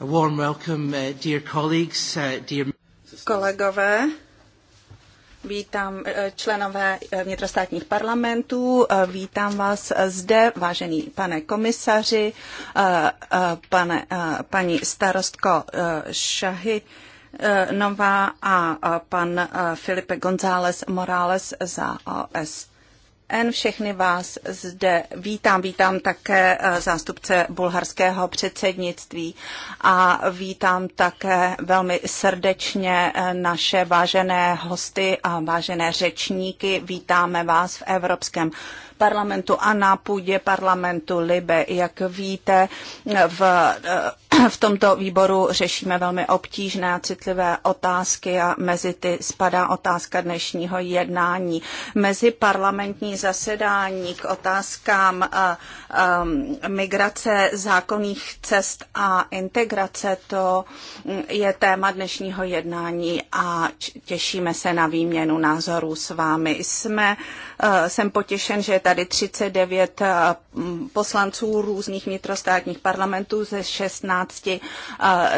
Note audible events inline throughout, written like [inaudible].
Uh, uh, Kolegové, vítám uh, členové vnitrostátních parlamentů, vítám vás zde, vážený pane komisaři, pane, paní starostko Šahy, Nová a pan Filipe González Morales za OST. N. Všechny vás zde vítám. Vítám také eh, zástupce bulharského předsednictví a vítám také velmi srdečně eh, naše vážené hosty a vážené řečníky. Vítáme vás v Evropském parlamentu a na půdě parlamentu Libe. Jak víte, v eh, v tomto výboru řešíme velmi obtížné a citlivé otázky a mezi ty spadá otázka dnešního jednání. Mezi parlamentní zasedání k otázkám eh, eh, migrace zákonných cest a integrace, to je téma dnešního jednání a těšíme se na výměnu názorů s vámi. Jsme, jsem potěšen, že je tady 39 eh, poslanců různých vnitrostátních parlamentů ze 16 eh,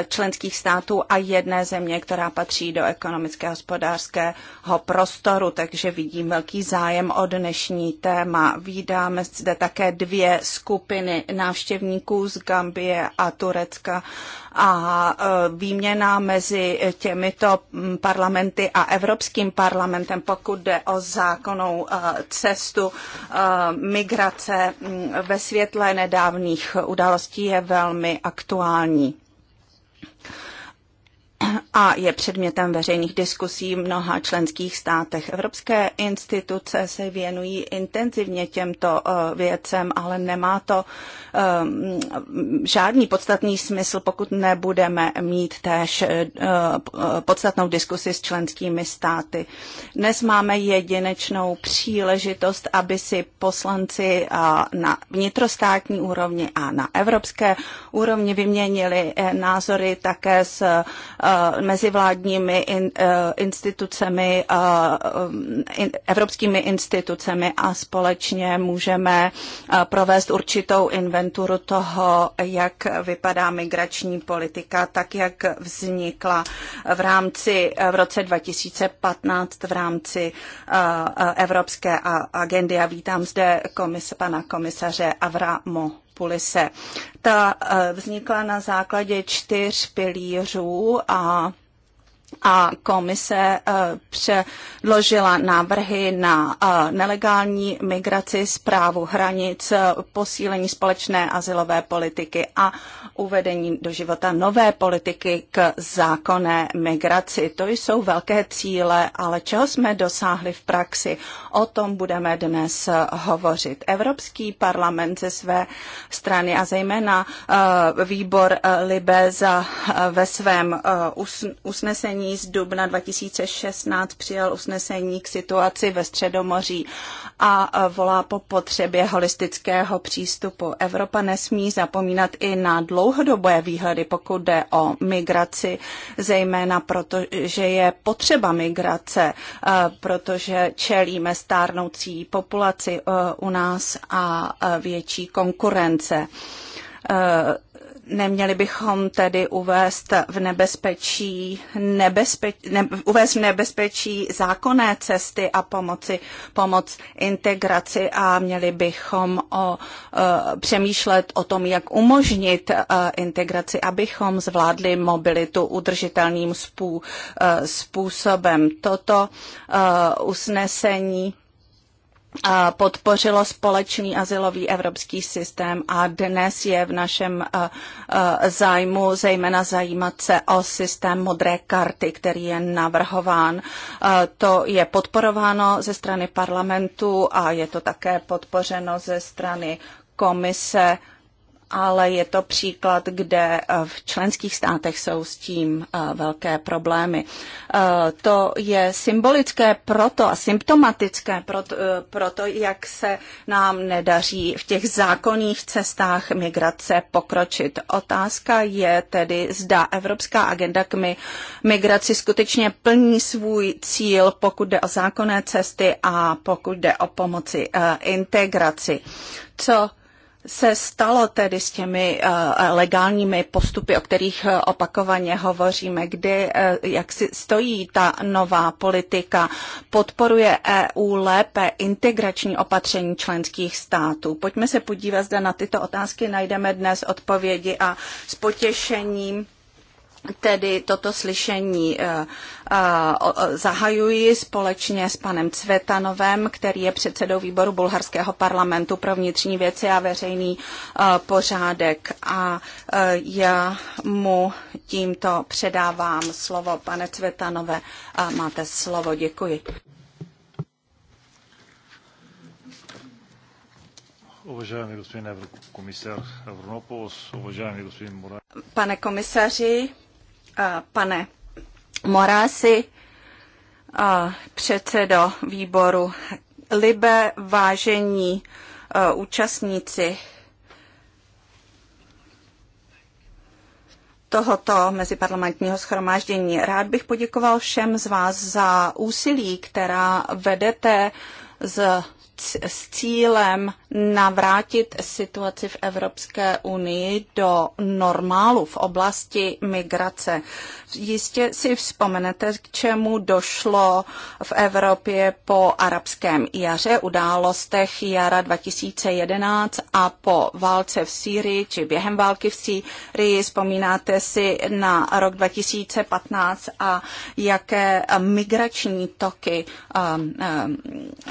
členských států a jedné země, která patří do ekonomické a hospodářského prostoru, takže vidím velký zájem o dnešní téma. Vídáme zde také dvě skupiny návštěvníků z Gambie a Turecka a e, výměna mezi těmito parlamenty a Evropským parlamentem, pokud jde o zákonnou e, cestu e, migrace ve světle nedávných událostí, je velmi aktuální a je předmětem veřejných diskusí v mnoha členských státech. Evropské instituce se věnují intenzivně těmto eh, věcem, ale nemá to ehm, žádný podstatný smysl, pokud nebudeme mít též eh, eh, podstatnou diskusi s členskými státy. Dnes máme jedinečnou příležitost, aby si poslanci na vnitrostátní úrovni a na evropské úrovni vyměnili názory také s Eh, mezivládními in, eh, institucemi, eh, in, evropskými institucemi a společně můžeme provést určitou inventuru toho, jak vypadá migrační politika, tak jak vznikla v rámci v roce 2015 v rámci Evropské agendy. A vítám zde komis, pana komisaře Avramo polise. Ta eh, vznikla na základě čtyř pilířů a a komise eh, předložila návrhy na eh, nelegální migraci, zprávu hranic, eh, posílení společné asilové politiky a uvedení do života nové politiky k zákonné migraci. To jsou velké cíle, ale čeho jsme dosáhli v praxi, o tom budeme dnes hovořit. Evropský parlament ze své strany a zejména výbor Libe za, ve svém usnesení usnesení z dubna 2016 přijal usnesení k situaci ve Středomoří a volá po potřebě holistického přístupu. Evropa nesmí zapomínat i na dlouhodobé výhledy, pokud jde o migraci, zejména proto, že je potřeba migrace, protože čelíme stárnoucí populaci u nás a větší konkurence Neměli bychom tedy uvést v nebezpečí, nebezpeč, ne, uvést v nebezpečí zákonné cesty a pomoci, pomoc integraci a měli bychom o, o, e, přemýšlet o tom, jak umožnit o, e, integraci, abychom zvládli mobilitu udržitelným spů, o, e, způsobem. Toto o, usnesení podpořilo společný asilový evropský systém a dnes je v našem zájmu zejména zajímat se o systém modré karty, který je navrhován. To je podporováno ze strany parlamentu a je to také podpořeno ze strany komise ale je to příklad, kde eh, v členských státech jsou s tím eh, velké problémy. Eh, to je symbolické proto a symptomatické proto, proto, jak se nám nedaří v těch zákonných cestách migrace pokročit. Otázka je tedy, zda Evropská agenda k migraci skutečně plní svůj cíl, pokud jde o zákonné cesty a pokud jde o pomoci integraci. Co se stalo tedy s těmi eh, legálními postupy, o kterých eh, opakovaně hovoříme, kdy eh, jak si stojí ta nová politika, podporuje EU lépe integrační opatření členských států. Pojďme se podívat, zda na tyto otázky najdeme dnes odpovědi a s potěšením tedy toto slyšení eh, eh, zahajuji společně s panem Cvetanovem, který je předsedou výboru bulharského parlamentu pro vnitřní věci a veřejný eh, pořádek. A já mu tímto předávám slovo. Pane Cvetanové, máte slovo. Děkuji. Уважаеми господин комисар Авронополос, уважаеми господин Мурат. Пане Eh, pane Morasi, eh, předsedo výboru Libe, vážení eh, účastníci tohoto meziparlamentního schromáždění. Rád bych poděkoval všem z vás za úsilí, která vedete s, s cílem navrátit situaci v Evropské unii do normálu v oblasti migrace. Jistě si vzpomenete, k čemu došlo v Evropě po arabském jaře, událostech jara 2011 a po válce v Sýrii, či během války v Sýrii. Vzpomínáte si na rok 2015 a jaké migrační toky um, um,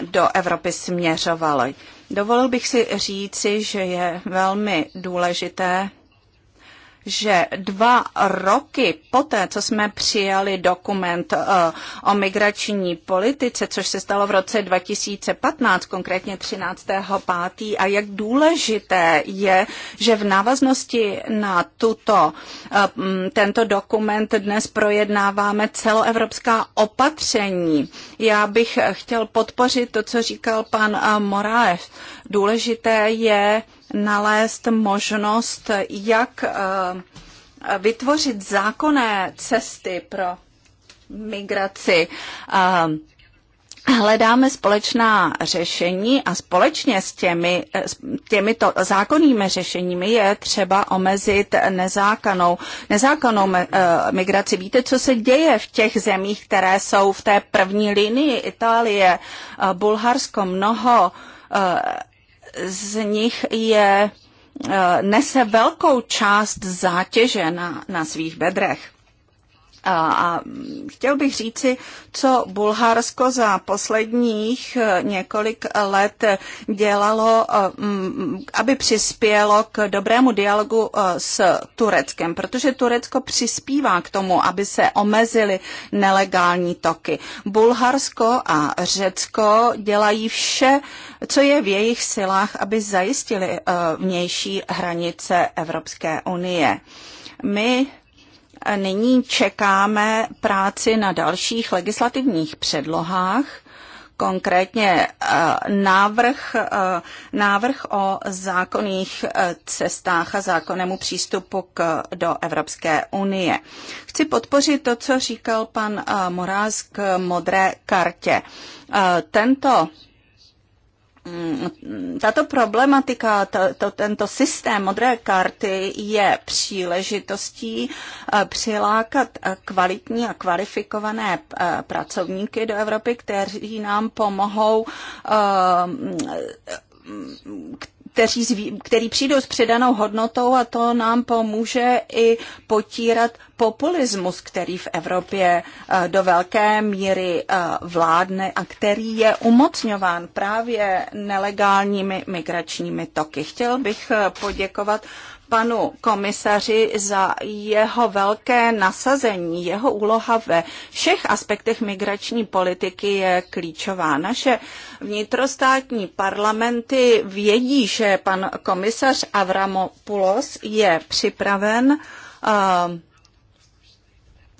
do Evropy směřovaly. Dovolil bych si říci, že je velmi důležité že dva roky poté, co jsme přijali dokument eh, o migrační politice, což se stalo v roce 2015, konkrétně 13. 5. a jak důležité je, že v návaznosti na tuto, eh, tento dokument dnes projednáváme celoevropská opatření. Já bych chtěl podpořit to, co říkal pan eh, Moráev. Důležité je, nalézt možnost, jak eh, vytvořit zákonné cesty pro migraci. Eh, hledáme společná řešení a společně s těmi, eh, těmito zákonnými řešeními je třeba omezit nezákonnou, nezákonnou migraci. Víte, co se děje v těch zemích, které jsou v té první linii? Itálie, Bulharsko, mnoho z nich je eh, nese velkou část zátěže na, na svých bedrech. A chtěl bych říci, co Bulharsko za posledních eh, několik let dělalo, eh, mm, aby přispělo k dobrému dialogu eh, s Tureckem, protože Turecko přispívá k tomu, aby se omezily nelegální toky. Bulharsko a Řecko dělají vše, co je v jejich silách, aby zajistili vnější hranice Evropské unie. My Nyní čekáme práci na dalších legislativních předlohách, konkrétně e, návrh, e, návrh o zákonných e, cestách a zákonnému přístupu k, do Evropské unie. Chci podpořit to, co říkal pan Moráz k modré kartě. Tento tato problematika, to, to, tento systém modré karty je příležitostí eh, přilákat eh, kvalitní a kvalifikované eh, pracovníky do Evropy, kteří nám pomohou kteří, který přijdou s přidanou hodnotou a to nám pomůže i potírat populismus, který v Evropě eh, do velké míry eh, vládne a který je umocňován právě nelegálními migračními toky. Chtěl bych eh, poděkovat panu komisaři za jeho velké nasazení. Jeho úloha ve všech aspektech migrační politiky je klíčová. Naše vnitrostátní parlamenty vědí, že pan komisař Avramopoulos je připraven uh,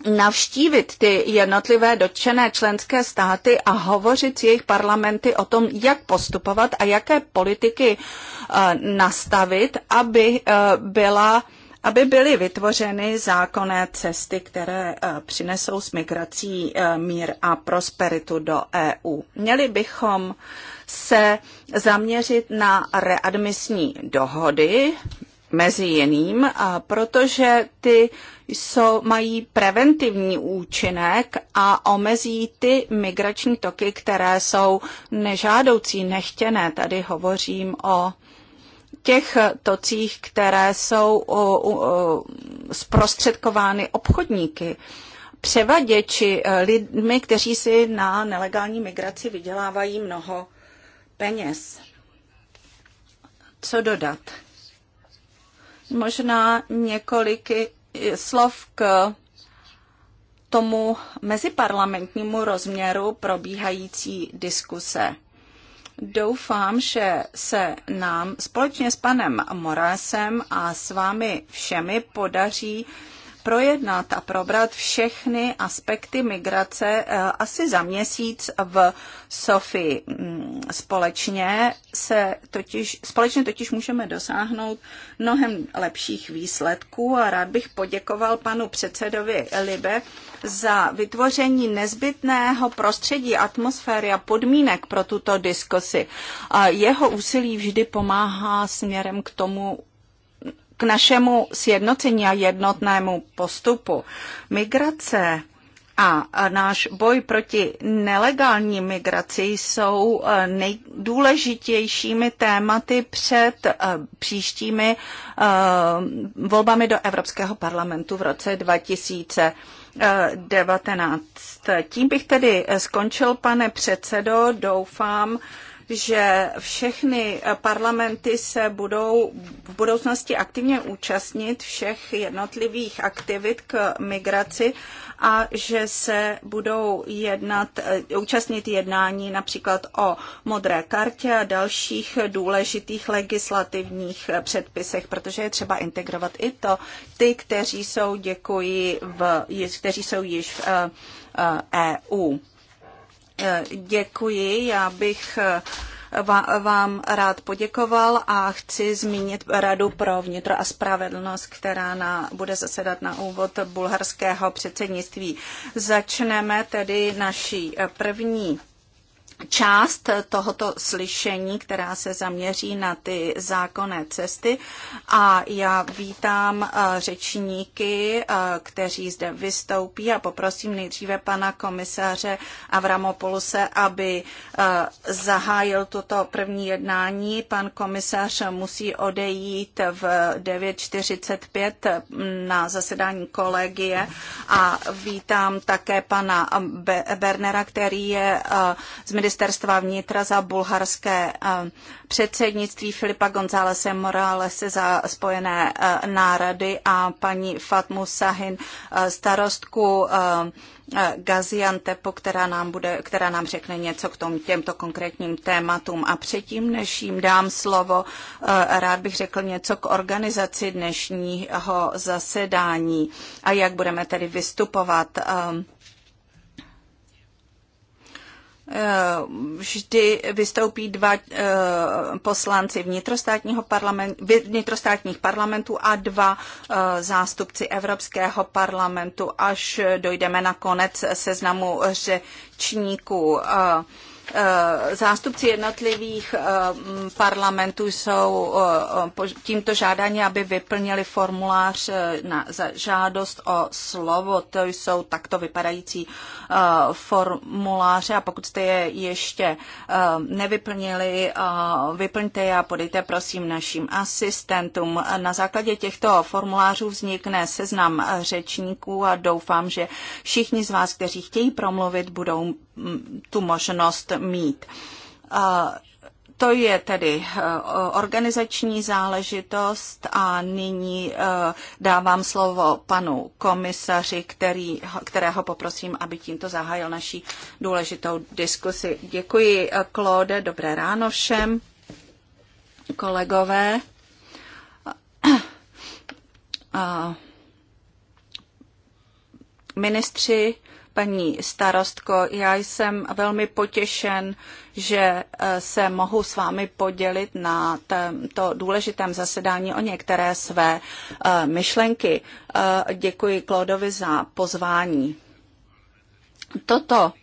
navštívit ty jednotlivé dotčené členské státy a hovořit s jejich parlamenty o tom, jak postupovat a jaké politiky eh, nastavit, aby eh, byla aby byly vytvořeny zákonné cesty, které eh, přinesou s migrací mír a prosperitu do EU. Měli bychom se zaměřit na readmisní dohody, mezi jiným, a protože ty jsou, mají preventivní účinek a omezí ty migrační toky, které jsou nežádoucí, nechtěné. Tady hovořím o těch tocích, které jsou o zprostředkovány obchodníky převaděči, e, lidmi, kteří si na nelegální migraci vydělávají mnoho peněz. Co dodat? Možná několik slov k tomu meziparlamentnímu rozměru probíhající diskuse. Doufám, že se nám společně s panem Morasem a s vámi všemi podaří projednat a probrat všechny aspekty migrace eh, asi za měsíc v Sofii. Mm, společně se totiž, společně totiž můžeme dosáhnout mnohem lepších výsledků a rád bych poděkoval panu předsedovi Libe za vytvoření nezbytného prostředí, atmosféry a podmínek pro tuto diskusi. Jeho úsilí vždy pomáhá směrem k tomu, k našemu sjednocení a jednotnému postupu. Migrace a náš boj proti nelegální migraci jsou eh, nejdůležitějšími tématy před eh, příštími eh, volbami do Evropského parlamentu v roce 2000. 19. Tím bych tedy skončil, pane předsedo. Doufám, že všechny parlamenty se budou v budoucnosti aktivně účastnit všech jednotlivých aktivit k migraci a že se budou jednat, eh, účastnit jednání například o modré kartě a dalších důležitých legislativních předpisech, protože je třeba integrovat i to ty, kteří jsou, děkuji, v, kteří jsou již v EU. Eh, eh, e Děkuji, já bych eh, vám rád poděkoval a chci zmínit Radu pro vnitro a spravedlnost, která na, bude zasedat na úvod bulharského předsednictví. Začneme tedy naší eh, první část tohoto slyšení, která se zaměří na ty zákonné cesty. A já vítám eh, řečníky, eh, kteří zde vystoupí a poprosím nejdříve pana komisaře Avramopoluse, aby eh, zahájil toto první jednání. Pan komisař musí odejít v 9.45 mm, na zasedání kolegie a vítám také pana Bernera, který je z ministerstva vnitra za bulharské eh, předsednictví Filipa Gonzálese Moralese za spojené eh, národy a paní Fatmu Sahin, eh, starostku Gaziantepu, která nám, bude, která nám řekne něco k tom, těmto konkrétním tématům. A předtím, než jim dám slovo, rád bych řekl něco k organizaci dnešního zasedání a jak budeme tedy vystupovat. Eh, vždy vystoupí dva eh, poslanci vnitrostátního parlament, vnitrostátních parlamentů a dva eh, zástupci Evropského parlamentu, až dojdeme na konec seznamu řečníků. Eh, zástupci jednotlivých eh, parlamentů jsou eh, tímto žádání, aby vyplnili formulář na žádost o slovo. To jsou takto vypadající formuláře a pokud jste je ještě nevyplnili, vyplňte je a podejte prosím našim asistentům. Na základě těchto formulářů vznikne seznam řečníků a doufám, že všichni z vás, kteří chtějí promluvit, budou mm, tu možnost mít. To je tedy eh, organizační záležitost a nyní eh, dávám slovo panu komisaři, který, kterého poprosím, aby tímto zahájil naší důležitou diskusi. Děkuji, eh, Claude, dobré ráno všem, kolegové. Ministři Paní starostko, já jsem velmi potěšen, že eh, se mohu s vámi podělit na to důležitém zasedání o některé své eh, myšlenky. Eh, děkuji Klodovi za pozvání. Toto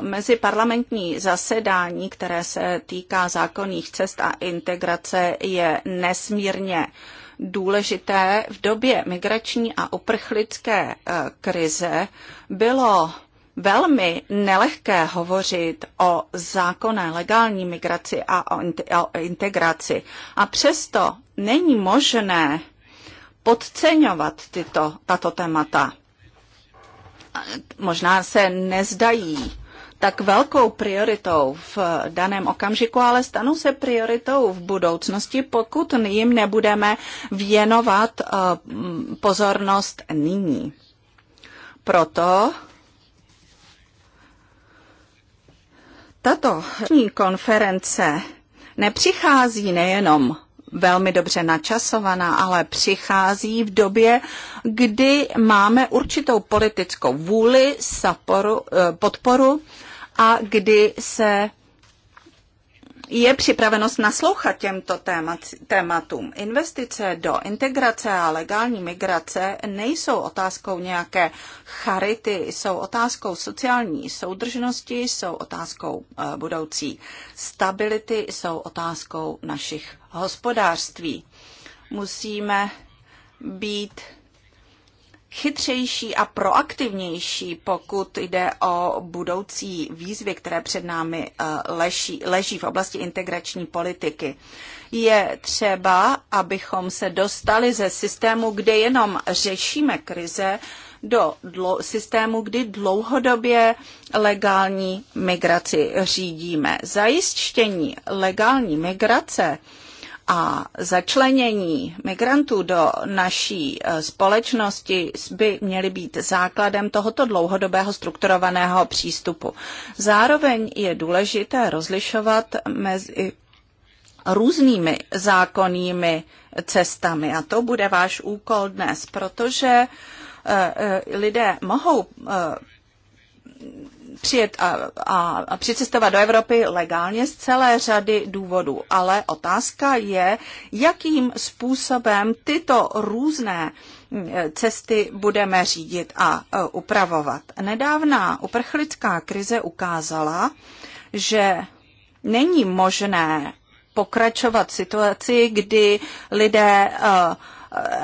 meziparlamentní zasedání, které se týká zákonných cest a integrace, je nesmírně uh, důležité v době migrační a uprchlické eh, krize, bylo velmi nelehké hovořit o zákonné legální migraci a o integraci. A přesto není možné podceňovat tyto, tato témata. Možná se nezdají tak velkou prioritou v daném okamžiku, ale stanou se prioritou v budoucnosti, pokud jim nebudeme věnovat eh, pozornost nyní. Proto tato konference nepřichází nejenom velmi dobře načasovaná, ale přichází v době, kdy máme určitou politickou vůli, saporu, eh, podporu a kdy se je připravenost naslouchat těmto témat, tématům. Investice do integrace a legální migrace nejsou otázkou nějaké charity, jsou otázkou sociální soudržnosti, jsou otázkou eh, budoucí stability, jsou otázkou našich hospodářství. Musíme být chytřejší a proaktivnější, pokud jde o budoucí výzvy, které před námi eh, leží, leží v oblasti integrační politiky. Je třeba, abychom se dostali ze systému, kde jenom řešíme krize, do dlo- systému, kdy dlouhodobě legální migraci řídíme. Zajištění legální migrace a začlenění migrantů do naší e, společnosti by měly být základem tohoto dlouhodobého strukturovaného přístupu. Zároveň je důležité rozlišovat mezi různými zákonnými cestami. A to bude váš úkol dnes, protože e, e, lidé mohou přijet a, a, a přicestovat do Evropy legálně z celé řady důvodů. Ale otázka je, jakým způsobem tyto různé e, cesty budeme řídit a e, upravovat. Nedávná uprchlická krize ukázala, že není možné pokračovat v situaci, kdy lidé uh,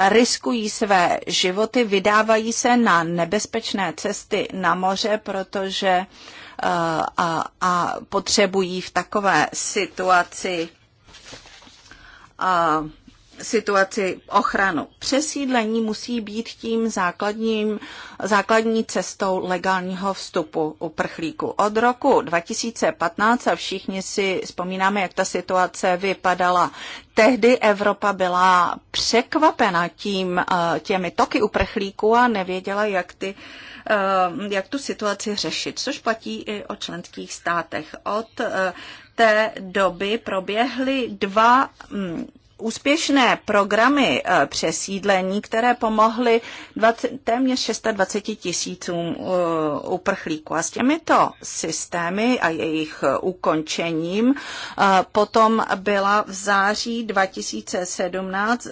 riskují své životy, vydávají se na nebezpečné cesty na moře, protože eh, a, a potřebují v takové situaci a, eh, situaci ochranu. Přesídlení musí být tím základním, základní cestou legálního vstupu uprchlíků. Od roku 2015 a všichni si vzpomínáme, jak ta situace vypadala. Tehdy Evropa byla překvapena tím, eh, těmi toky uprchlíků a nevěděla, jak ty eh, jak tu situaci řešit, což platí i o členských státech. Od eh, té doby proběhly dva mm, úspěšné programy eh, přesídlení, které pomohly 20, téměř 26 tisícům eh, uprchlíků. A s těmito systémy a jejich eh, ukončením potom byla v září 2017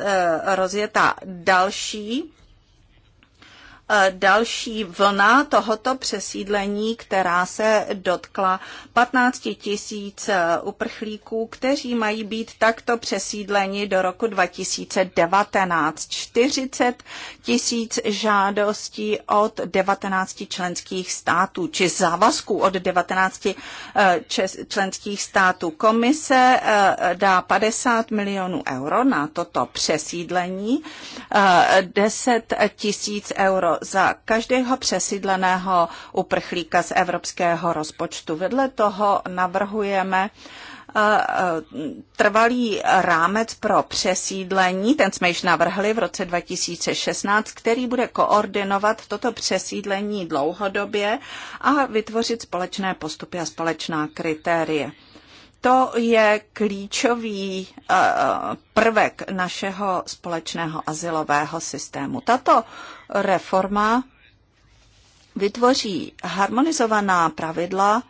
rozjeta další E, další vlna tohoto přesídlení, která se dotkla 15 tisíc e, uprchlíků, kteří mají být takto přesídleni do roku 2019. 40 tisíc žádostí od 19 členských států, či závazků od 19 e, členských států. Komise dá 50 milionů euro na toto přesídlení, 10 tisíc euro za každého přesídleného uprchlíka z evropského rozpočtu. Vedle toho navrhujeme eh, eh, trvalý rámec pro přesídlení, ten jsme již navrhli v roce 2016, který bude koordinovat toto přesídlení dlouhodobě a vytvořit společné postupy a společná kritérie. To je klíčový eh, prvek našeho společného asilového systému. Tato reforma vytvoří harmonizovaná pravidla,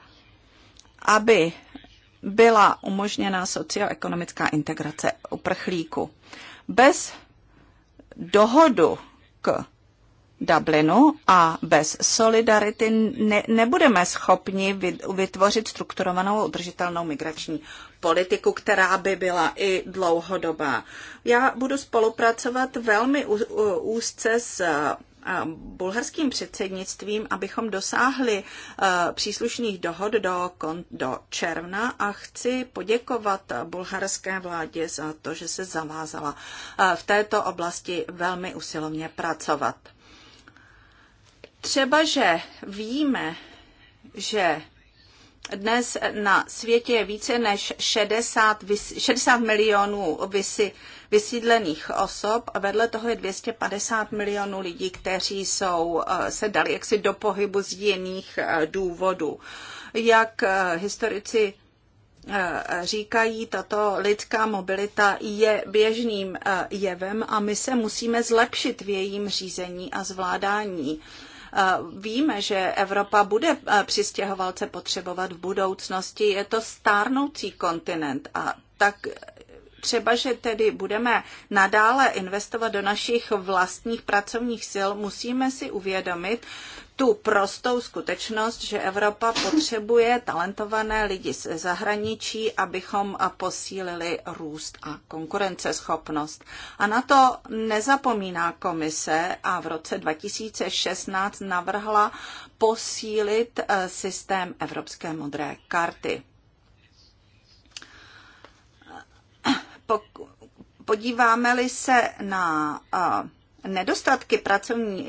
aby byla umožněna socioekonomická integrace uprchlíku. Bez dohodu k Dublinu a bez solidarity ne, nebudeme schopni vytvořit strukturovanou udržitelnou migrační politiku, která by byla i dlouhodobá. Já budu spolupracovat velmi úzce s bulharským předsednictvím, abychom dosáhli příslušných dohod do, do června a chci poděkovat bulharské vládě za to, že se zavázala v této oblasti velmi usilovně pracovat třeba, že víme, že dnes na světě je více než 60, 60 milionů vysy, vysídlených osob. Vedle toho je 250 milionů lidí, kteří jsou, eh, se dali jaksi do pohybu z jiných eh, důvodů. Jak eh, historici říkají, tato lidská mobilita je běžným jevem a my se musíme zlepšit v jejím řízení a zvládání. Víme, že Evropa bude přistěhovalce potřebovat v budoucnosti. Je to stárnoucí kontinent a tak třeba, že tedy budeme nadále investovat do našich vlastních pracovních sil, musíme si uvědomit, tu prostou skutečnost, že Evropa potřebuje talentované lidi ze zahraničí, abychom posílili růst a konkurenceschopnost. A na to nezapomíná komise a v roce 2016 navrhla posílit eh, systém Evropské modré karty. Podíváme-li se na eh, nedostatky pracovních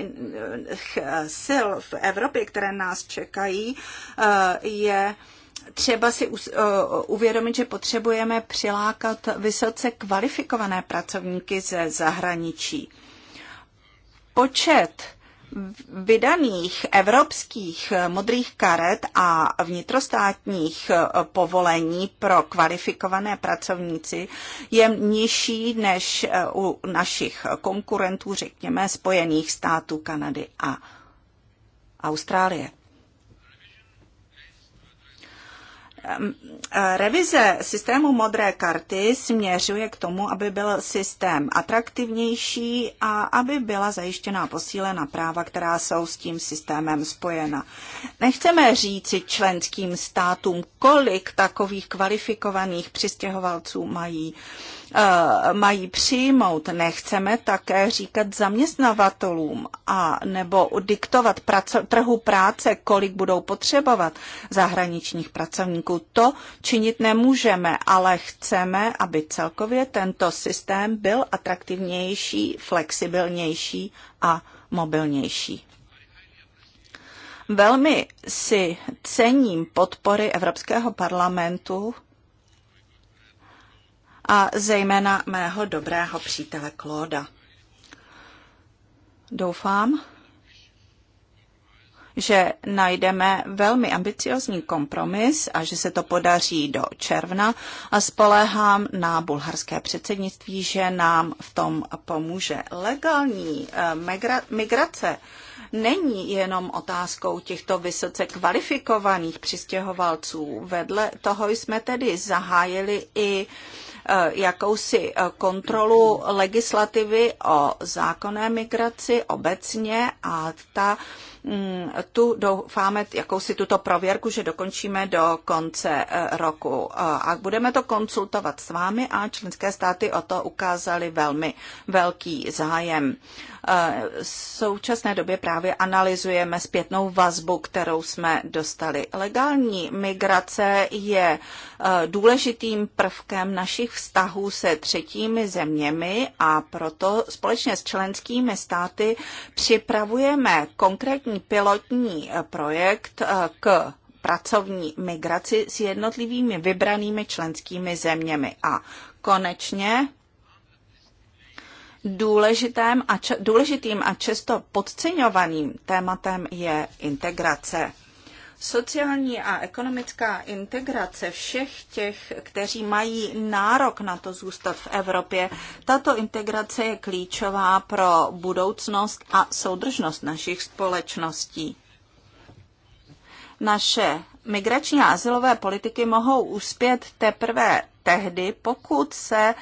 eh, sil v Evropě, které nás čekají, eh, je třeba si eh, uvědomit, že potřebujeme přilákat vysoce kvalifikované pracovníky ze zahraničí. Počet vydaných evropských modrých karet a vnitrostátních povolení pro kvalifikované pracovníci je nižší než u našich konkurentů, řekněme, Spojených států, Kanady a Austrálie. E, revize systému modré karty směřuje k tomu, aby byl systém atraktivnější a aby byla zajištěná posílena práva, která jsou s tím systémem spojena. Nechceme říci členským státům, kolik takových kvalifikovaných přistěhovalců mají uh, Eh, mají přijmout. Nechceme také říkat zaměstnavatelům a nebo diktovat trhu práce, kolik budou potřebovat zahraničních pracovníků. To činit nemůžeme, ale chceme, aby celkově tento systém byl atraktivnější, flexibilnější a mobilnější. Velmi si cením podpory Evropského parlamentu a zejména mého dobrého přítele Klóda. Doufám, že najdeme velmi ambiciozní kompromis a že se to podaří do června a spoléhám na bulharské předsednictví, že nám v tom pomůže. Legální eh, migrace není jenom otázkou těchto vysoce kvalifikovaných přistěhovalců. Vedle toho jsme tedy zahájili i uh, Eh, jakousi eh, kontrolu legislativy o zákonné migraci obecně a ta mm, tu doufáme jakousi tuto prověrku, že dokončíme do konce eh, roku. A budeme to konsultovat s vámi a členské státy o to ukázali velmi velký zájem. Eh, v současné době právě analyzujeme zpětnou vazbu, kterou jsme dostali. Legální migrace je eh, důležitým prvkem našich vztahů se třetími zeměmi a proto společně s členskými státy připravujeme konkrétní pilotní eh, projekt k pracovní migraci s jednotlivými vybranými členskými zeměmi. A konečně důležitém a če- důležitým a často podceňovaným tématem je integrace. Sociální a ekonomická integrace všech těch, kteří mají nárok na to zůstat v Evropě, tato integrace je klíčová pro budoucnost a soudržnost našich společností. Naše migrační a asilové politiky mohou uspět teprve tehdy, pokud se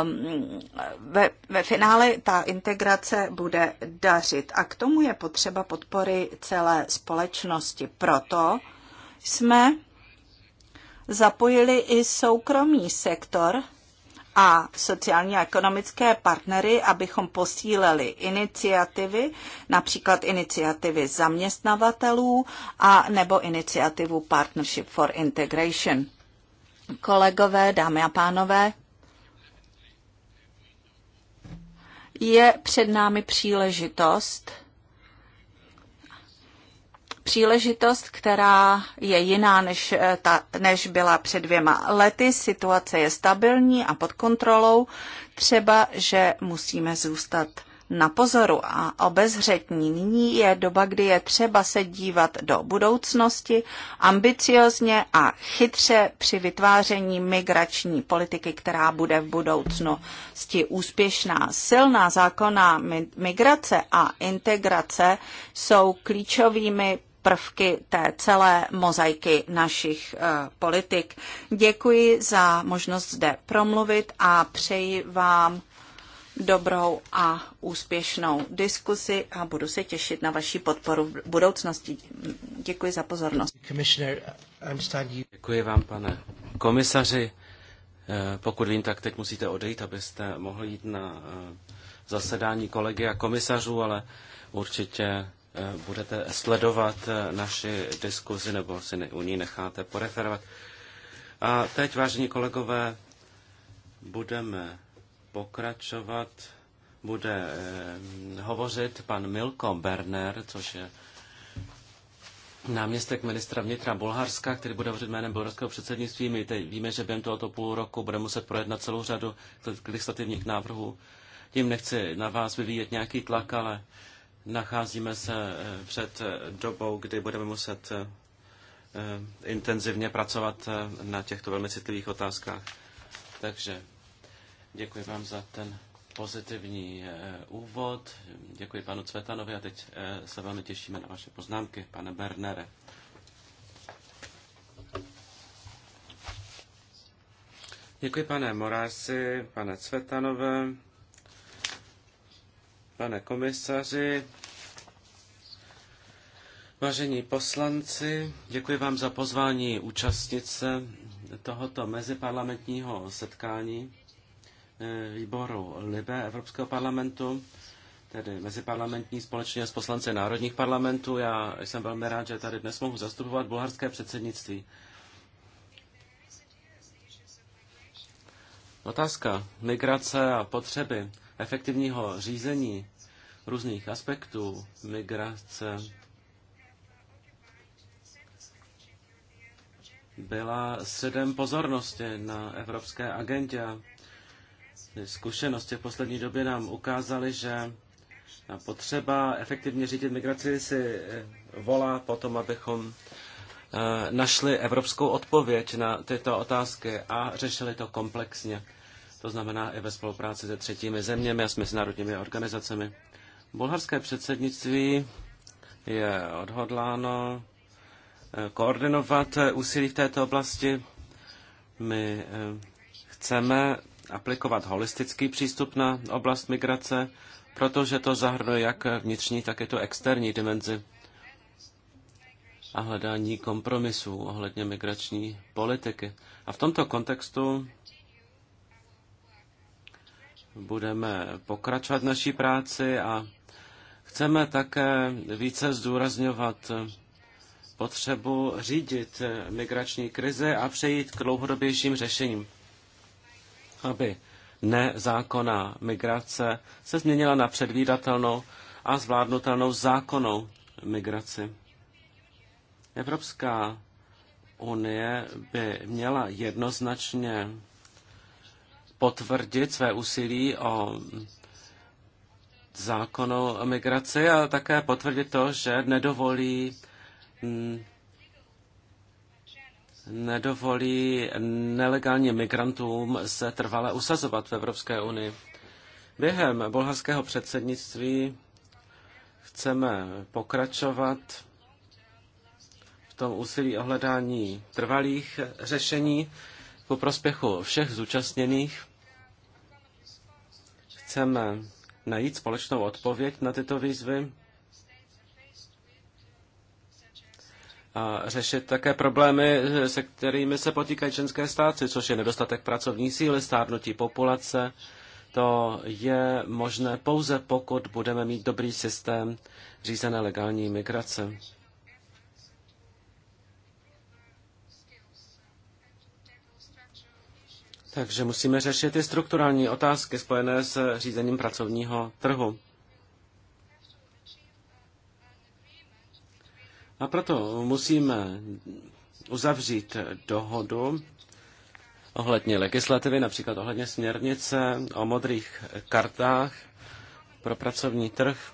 um, ve, ve finále ta integrace bude dařit. A k tomu je potřeba podpory celé společnosti. Proto jsme zapojili i soukromý sektor a sociální a ekonomické partnery, abychom posíleli iniciativy, například iniciativy zaměstnavatelů a nebo iniciativu Partnership for Integration kolegové, dámy a pánové, je před námi příležitost, příležitost, která je jiná, než, eh, ta, než byla před dvěma lety. Situace je stabilní a pod kontrolou, třeba, že musíme zůstat na pozoru a obezřetní. Nyní je doba, kdy je třeba se dívat do budoucnosti ambiciozně a chytře při vytváření migrační politiky, která bude v budoucnosti úspěšná. Silná zákona migrace a integrace jsou klíčovými prvky té celé mozaiky našich e, politik. Děkuji za možnost zde promluvit a přeji vám dobrou a úspěšnou diskusi a budu se těšit na vaši podporu v budoucnosti. Děkuji za pozornost. Děkuji vám, pane komisaři. Eh, pokud vím, tak teď musíte odejít, abyste mohli jít na eh, zasedání kolegy a komisařů, ale určitě eh, budete sledovat naši diskuzi nebo si u ní necháte poreferovat. A teď, vážení kolegové, budeme pokračovat. Bude eh, hovořit pan Milko Berner, což je náměstek ministra vnitra Bulharska, který bude hovořit jménem bulharského předsednictví. My teď víme, že během tohoto půl roku bude muset projednat celou řadu legislativních návrhů. Tím nechci na vás vyvíjet nějaký tlak, ale nacházíme se eh, před eh, dobou, kdy budeme muset intenzivně pracovat na těchto velmi citlivých otázkách. Takže Děkuji vám za ten pozitivní eh, úvod. Děkuji panu Cvetanovi a teď eh, se velmi těšíme na vaše poznámky, pane Bernere. Děkuji pane Morási, pane Cvetanové, pane komisaři, vážení poslanci, děkuji vám za pozvání účastnice tohoto meziparlamentního setkání. E, výboru LIBE Evropského parlamentu, tedy meziparlamentní společně s poslanci národních parlamentů. Já jsem velmi rád, že tady dnes mohu zastupovat bulharské předsednictví. Otázka migrace a potřeby efektivního řízení různých aspektů migrace byla středem pozornosti na evropské agendě zkušenosti v poslední době nám ukázaly, že potřeba efektivně řídit migraci si eh, volá po tom, abychom eh, našli evropskou odpověď na tyto otázky a řešili to komplexně. To znamená i ve spolupráci se třetími zeměmi a s mezinárodními organizacemi. Bulharské předsednictví je odhodláno eh, koordinovat úsilí v této oblasti. My chceme aplikovat holistický přístup na oblast migrace, protože to zahrnuje jak vnitřní, tak i tu externí dimenzi a hledání kompromisů ohledně migrační politiky. A v tomto kontextu budeme pokračovat naší práci a chceme také více zdůrazňovat potřebu řídit migrační krize a přejít k dlouhodobějším řešením aby nezákonná migrace se změnila na předvídatelnou a zvládnutelnou zákonnou migraci. Evropská unie by měla jednoznačně potvrdit své úsilí o zákonu migraci a také potvrdit to, že nedovolí mm, nedovolí nelegálně migrantům se trvale usazovat v Evropské unii. Během bulharského předsednictví chceme pokračovat v tom úsilí o hledání trvalých řešení po prospěchu všech zúčastněných. Chceme najít společnou odpověď na tyto výzvy a řešit také problémy, se kterými se potýkají členské státy, což je nedostatek pracovní síly, stárnutí populace. To je možné pouze, pokud budeme mít dobrý systém řízené legální migrace. Takže musíme řešit i strukturální otázky spojené s řízením pracovního trhu. A proto musíme uzavřít dohodu ohledně legislativy, například ohledně směrnice o modrých kartách pro pracovní trh.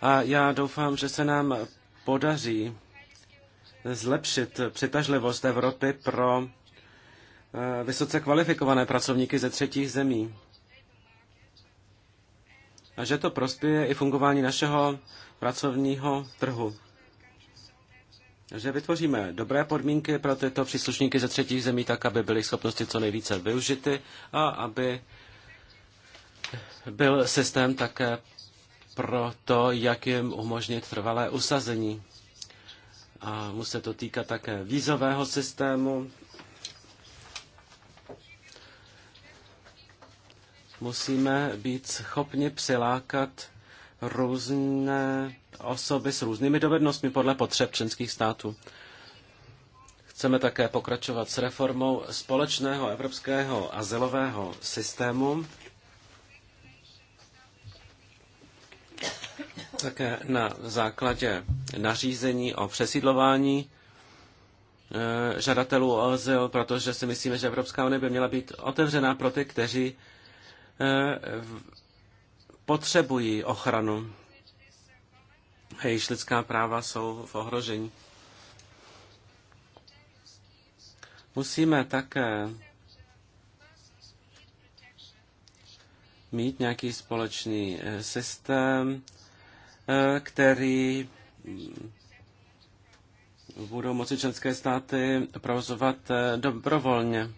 A já doufám, že se nám podaří zlepšit přitažlivost Evropy pro eh, vysoce kvalifikované pracovníky ze třetích zemí. A že to prospěje i fungování našeho pracovního trhu že vytvoříme dobré podmínky pro tyto příslušníky ze třetích zemí, tak aby byly schopnosti co nejvíce využity a aby byl systém také pro to, jak jim umožnit trvalé usazení. A musí se to týkat také vízového systému. Musíme být schopni přilákat různé osoby s různými dovednostmi podle potřeb členských států. Chceme také pokračovat s reformou společného evropského azylového systému. Také na základě nařízení o přesídlování eh, žadatelů o azyl, protože si myslíme, že Evropská unie by měla být otevřená pro ty, kteří eh, potřebují ochranu Jejíž lidská práva jsou v ohrožení. Musíme také mít nějaký společný eh, systém, eh, který mm, budou moci členské státy provozovat eh, dobrovolně.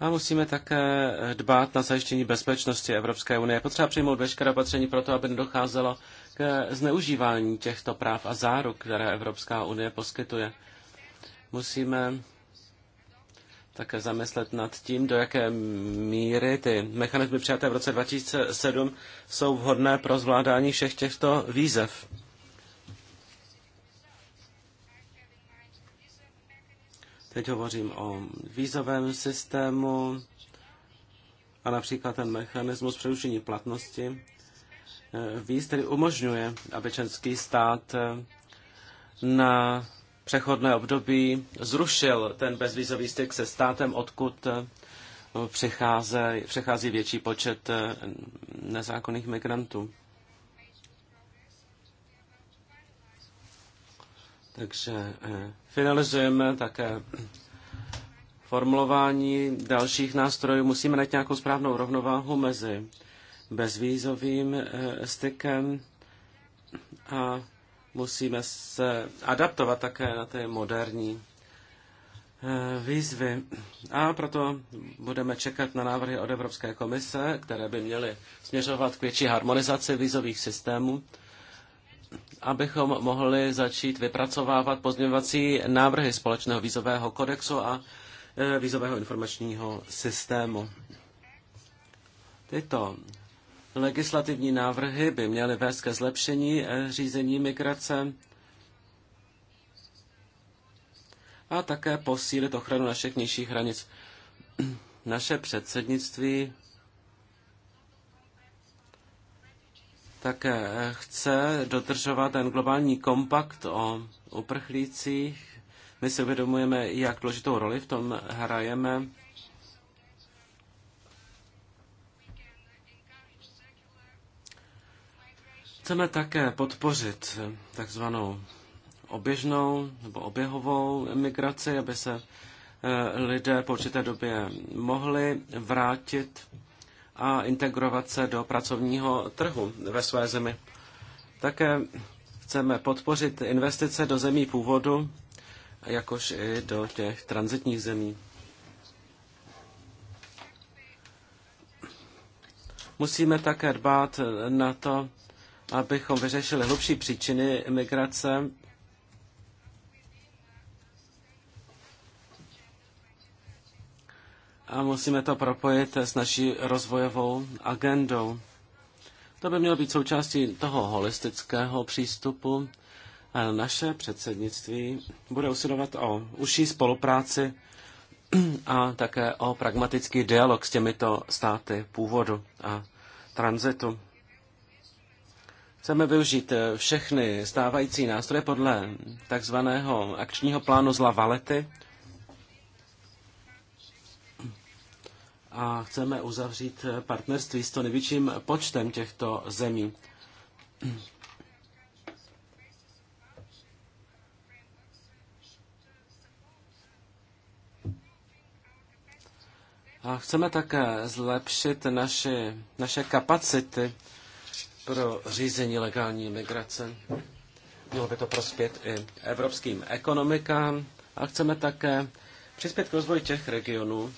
A musíme také dbát na zajištění bezpečnosti Evropské unie. Potřeba přijmout veškeré opatření pro to, aby nedocházelo k zneužívání těchto práv a záruk, které Evropská unie poskytuje. Musíme také zamyslet nad tím, do jaké míry ty mechanizmy přijaté v roce 2007 jsou vhodné pro zvládání všech těchto výzev. Teď hovořím o vízovém systému a například ten mechanismus přerušení platnosti Eh, víc, který umožňuje, aby český stát eh, na přechodné období zrušil ten bezvýzový styk se státem, odkud eh, přechází větší počet nezákonných migrantů. Takže finalizujeme také formulování dalších nástrojů. Musíme najít nějakou správnou rovnováhu mezi bezvízovým eh, stykem a musíme se adaptovat také na ty moderní eh, výzvy. A proto budeme čekat na návrhy od Evropské komise, které by měly směřovat k větší harmonizaci vízových systémů, abychom mohli začít vypracovávat pozměňovací návrhy společného vízového kodexu a eh, vízového informačního systému. Tyto Legislativní návrhy by měly vést ke zlepšení eh, řízení migrace a také posílit ochranu našich nižších hranic. [clears throat] Naše předsednictví také eh, chce dodržovat ten globální kompakt o uprchlících. My si uvědomujeme, jak důležitou roli v tom hrajeme. Chceme také podpořit takzvanou oběžnou nebo oběhovou emigraci, aby se eh, lidé po určité době mohli vrátit a integrovat se do pracovního trhu ve své zemi. Také chceme podpořit investice do zemí původu, jakož i do těch transitních zemí. Musíme také dbát na to, abychom vyřešili hlubší příčiny migrace. A musíme to propojit s naší rozvojovou agendou. To by mělo být součástí toho holistického přístupu. A naše předsednictví bude usilovat o užší spolupráci a také o pragmatický dialog s těmito státy původu a tranzitu. Chceme využít eh, všechny stávající nástroje podle takzvaného akčního plánu z Valety a chceme uzavřít eh, partnerství s to největším počtem těchto zemí. A chceme také zlepšit naše naše kapacity pro řízení legální migrace. Mělo by to prospět i evropským ekonomikám a chceme také přispět k rozvoji těch regionů,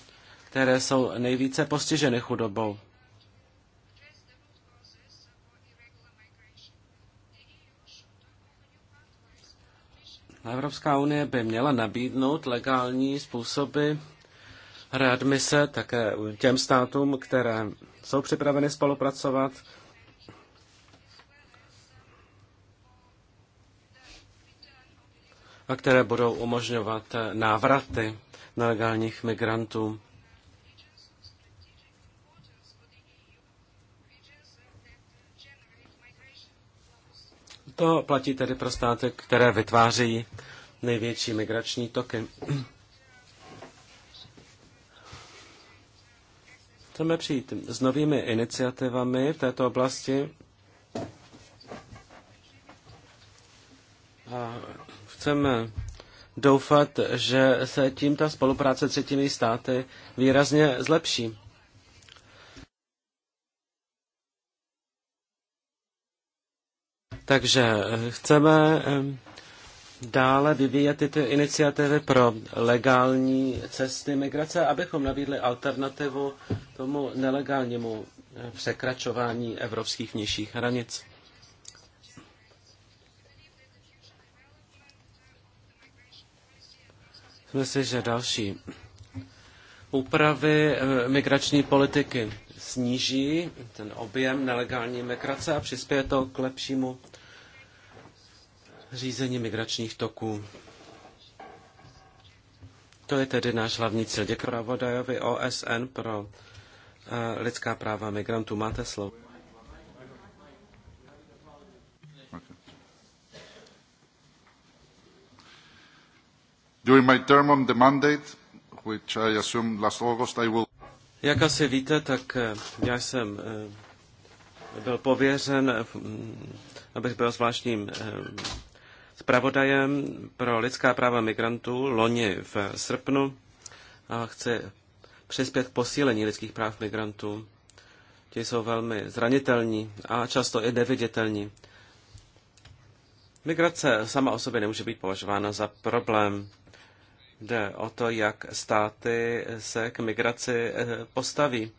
které jsou nejvíce postiženy chudobou. Evropská unie by měla nabídnout legální způsoby readmise také těm státům, které jsou připraveny spolupracovat a které budou umožňovat eh, návraty nelegálních migrantů. To platí tedy pro státy, které vytváří největší migrační toky. Chceme přijít s novými iniciativami v této oblasti. A chceme doufat, že se tím ta spolupráce třetími státy výrazně zlepší. Takže eh, chceme eh, dále vyvíjet tyto iniciativy pro legální cesty migrace, abychom nabídli alternativu tomu nelegálnímu eh, překračování evropských nižších hranic. Myslím si, že další úpravy eh, migrační politiky sníží ten objem nelegální migrace a přispěje to k lepšímu řízení migračních toků. To je tedy náš hlavní cíl. Děkuji Pravodajovi OSN pro eh, lidská práva migrantů. Máte slovo. During my term on the mandate, which I assumed last August, I will... Jak asi víte, tak eh, já jsem eh, byl pověřen, eh, mm, abych byl zvláštním zpravodajem pro lidská práva migrantů loni v srpnu a chci přispět k posílení lidských práv migrantů. Ti jsou velmi zranitelní a často i neviditelní. Migrace sama o sobě nemůže být považována za problém. Jde o to, jak státy se k migraci eh, postaví.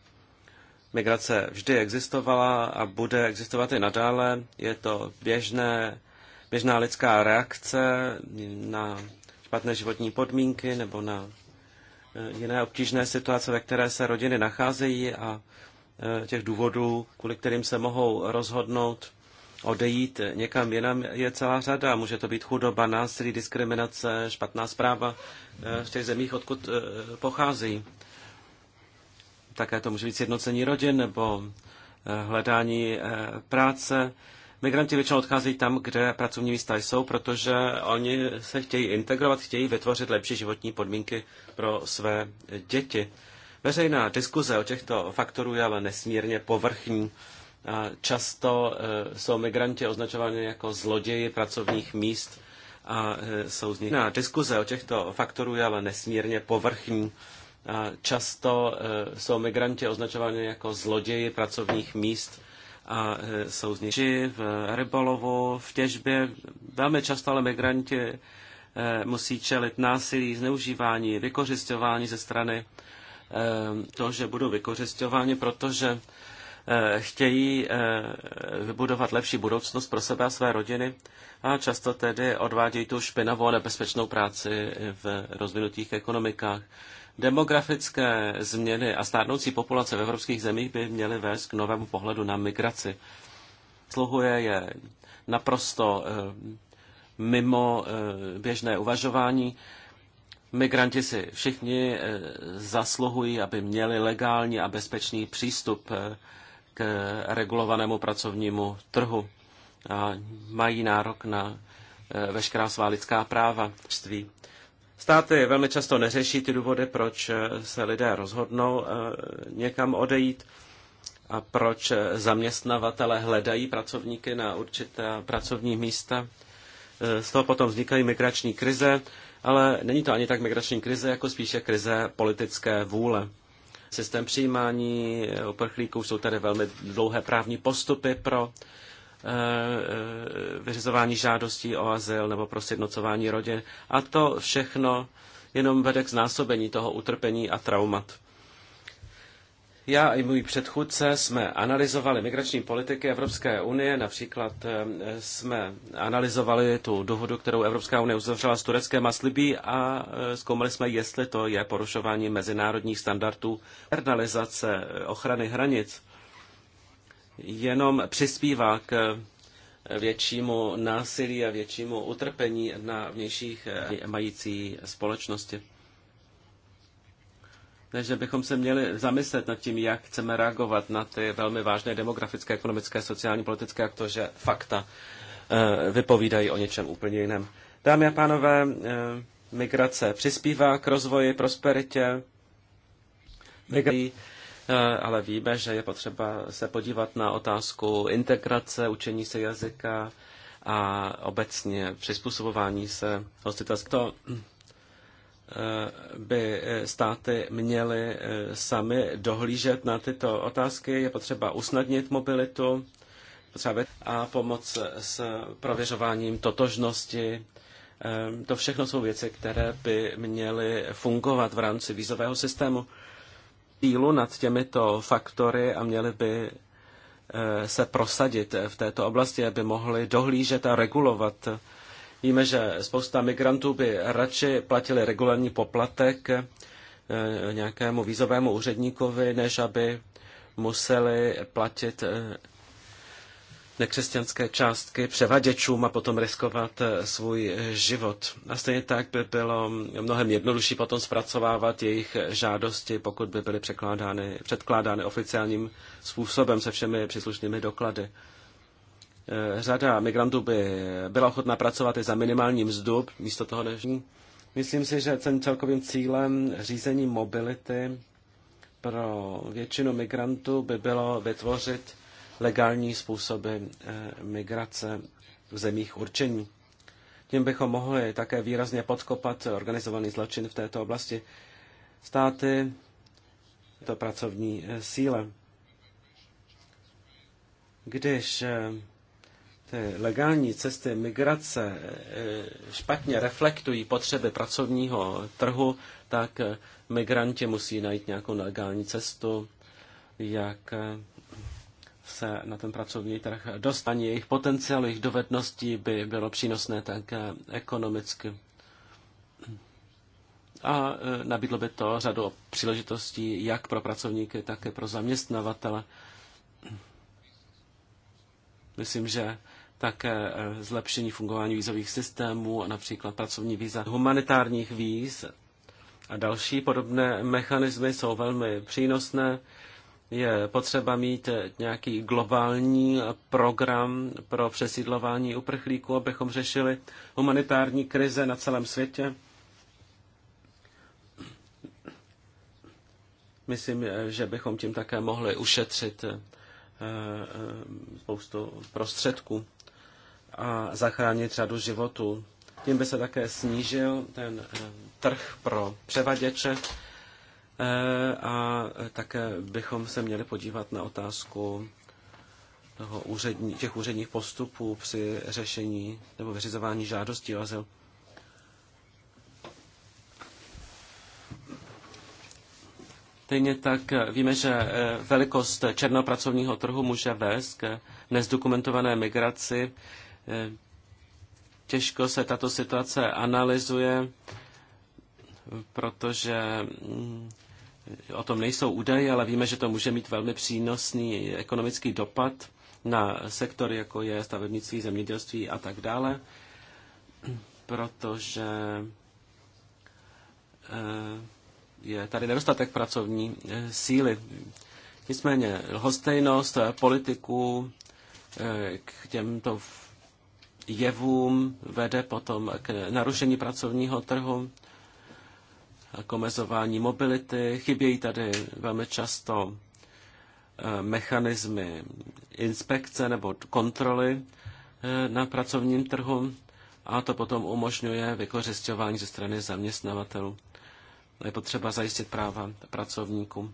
Migrace vždy existovala a bude existovat i nadále. Je to běžné, běžná lidská reakce na špatné životní podmínky nebo na eh, jiné obtížné situace, ve které se rodiny nacházejí a eh, těch důvodů, kvůli kterým se mohou rozhodnout odejít někam jinam je celá řada. Může to být chudoba, násilí, diskriminace, špatná zpráva eh, v těch zemích, odkud eh, pochází. Také to může být sjednocení rodin nebo eh, hledání práce. Migranti většinou odcházejí tam, kde pracovní místa jsou, protože oni se chtějí integrovat, chtějí vytvořit lepší životní podmínky pro své děti. Veřejná diskuze o těchto faktorů je ale nesmírně povrchní často eh, jsou migranti označováni jako zloději pracovních míst a eh, jsou z nich. Na diskuze o těchto faktorů je ale nesmírně povrchní. A často eh, jsou migranti označováni jako zloději pracovních míst a jsou z nich v rybolovu, v těžbě. Velmi často ale migranti musí čelit násilí, zneužívání, vykořišťování ze strany to, že budou vykořišťováni, protože Eh, chtějí eh, vybudovat lepší budoucnost pro sebe a své rodiny a často tedy odvádějí tu špinavou a nebezpečnou práci v rozvinutých ekonomikách. Demografické změny a stárnoucí populace v evropských zemích by měly vést k novému pohledu na migraci. Sluhuje je naprosto eh, mimo běžné uvažování. Migranti si všichni zasluhují, aby měli legální a bezpečný přístup k regulovanému pracovnímu trhu a mají nárok na e, veškerá svá lidská práva. Státy velmi často neřeší ty důvody, proč e, se lidé rozhodnou e, někam odejít a proč zaměstnavatele hledají pracovníky na určitá pracovní místa. Z toho potom vznikají migrační krize, ale není to ani tak migrační krize, jako spíše krize politické vůle systém přijímání uprchlíků. Jsou tady velmi dlouhé právní postupy pro eh, eh, vyřizování žádostí o azyl nebo pro sjednocování rodin. A to všechno jenom vede k znásobení toho utrpení a traumat. Já i můj předchůdce jsme analyzovali migrační politiky Evropské unie, například eh, jsme analyzovali tu dohodu, kterou Evropská unie uzavřela s Tureckem a Slibí a eh, zkoumali jsme, jestli to je porušování mezinárodních standardů internalizace eh, ochrany hranic jenom přispívá k většímu násilí a většímu utrpení na vnějších mající společnosti takže bychom se měli zamyslet nad tím, jak chceme reagovat na ty velmi vážné demografické, ekonomické, sociální, politické, jak to, že fakta eh, vypovídají o něčem úplně jiném. Dámy a pánové, eh, migrace přispívá k rozvoji, prosperitě, eh, ale víme, že je potřeba se podívat na otázku integrace, učení se jazyka a obecně přizpůsobování se hostitelství. To by eh, státy měly eh, sami dohlížet na tyto otázky. Je potřeba usnadnit mobilitu a pomoc s prověřováním totožnosti. Eh, to všechno jsou věci, které by měly fungovat v rámci vízového systému. Pílu nad těmito faktory a měly by se prosadit v této oblasti, aby mohly dohlížet a regulovat Víme, že spousta migrantů by radši platili regulární poplatek eh, nějakému vízovému úředníkovi, než aby museli platit eh, nekřesťanské částky převaděčům a potom riskovat eh, svůj život. A stejně tak by bylo mnohem jednodušší potom zpracovávat jejich žádosti, pokud by byly překládány, předkládány oficiálním způsobem se všemi příslušnými doklady. Eh, řada migrantů by byla ochotná pracovat i za minimální mzdu, místo toho než... Myslím si, že ten celkovým cílem řízení mobility pro většinu migrantů by bylo vytvořit legální způsoby eh, migrace v zemích určení. Tím bychom mohli také výrazně podkopat organizovaný zločin v této oblasti. Státy to pracovní eh, síle. Když legální cesty migrace eh, špatně reflektují potřeby pracovního trhu, tak eh, migranti musí najít nějakou legální cestu, jak eh, se na ten pracovní trh dostaní. Jejich potenciál, jejich dovedností by bylo přínosné také ekonomicky. A nabídlo by to řadu příležitostí jak pro pracovníky, tak i pro zaměstnavatele. Myslím, že také eh, zlepšení fungování vízových systémů, například pracovní víza, humanitárních víz a další podobné mechanismy jsou velmi přínosné. Je potřeba mít nějaký globální program pro přesídlování uprchlíků, abychom řešili humanitární krize na celém světě. Myslím, eh, že bychom tím také mohli ušetřit eh, spoustu prostředků a zachránit řadu životů. Tím by se také snížil ten eh, trh pro převaděče eh, a také bychom se měli podívat na otázku toho úřední, těch úředních postupů při řešení nebo vyřizování žádostí o azyl. Stejně tak eh, víme, že velikost černopracovního trhu může vést k nezdokumentované migraci Eh, těžko se tato situace analyzuje, protože mm, o tom nejsou údaje, ale víme, že to může mít velmi přínosný ekonomický dopad na sektor, jako je stavebnictví, zemědělství a tak dále, protože eh, je tady nedostatek pracovní eh, síly. Nicméně lhostejnost politiků k těmto jevům, vede potom k narušení pracovního trhu, k omezování mobility. Chybějí tady velmi často eh, mechanismy inspekce nebo kontroly eh, na pracovním trhu a to potom umožňuje vykořišťování ze strany zaměstnavatelů. Je potřeba zajistit práva pracovníkům.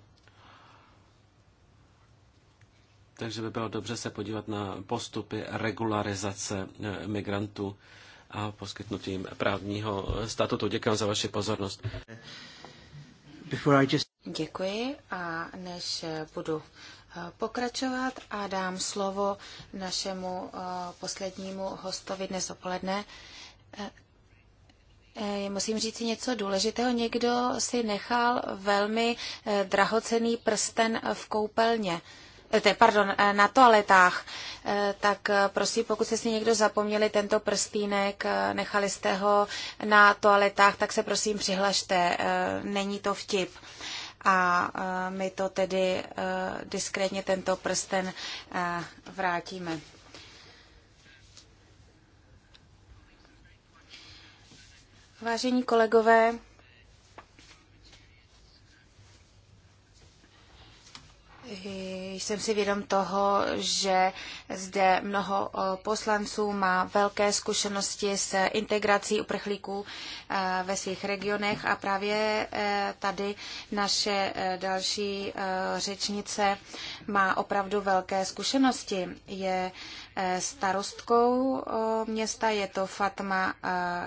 Takže by bylo dobře se podívat na postupy regularizace eh, migrantů a poskytnutí jim právního statutu. Děkuji za vaši pozornost. Děkuji a než budu eh, pokračovat a dám slovo našemu eh, poslednímu hostovi dnes odpoledne, Musím říct něco důležitého. Někdo si nechal velmi drahocený prsten v koupelně pardon, eh, na toaletách, eh, tak eh, prosím, pokud jste si někdo zapomněli tento prstínek, nechali jste ho na toaletách, tak se prosím přihlašte, není to vtip. A my to tedy diskrétně tento prsten vrátíme. Vážení kolegové, jsem si vědom toho, že zde mnoho eh, poslanců má velké zkušenosti s integrací uprchlíků eh, ve svých regionech a právě eh, tady naše další řečnice má opravdu velké zkušenosti. Je starostkou města, je to Fatma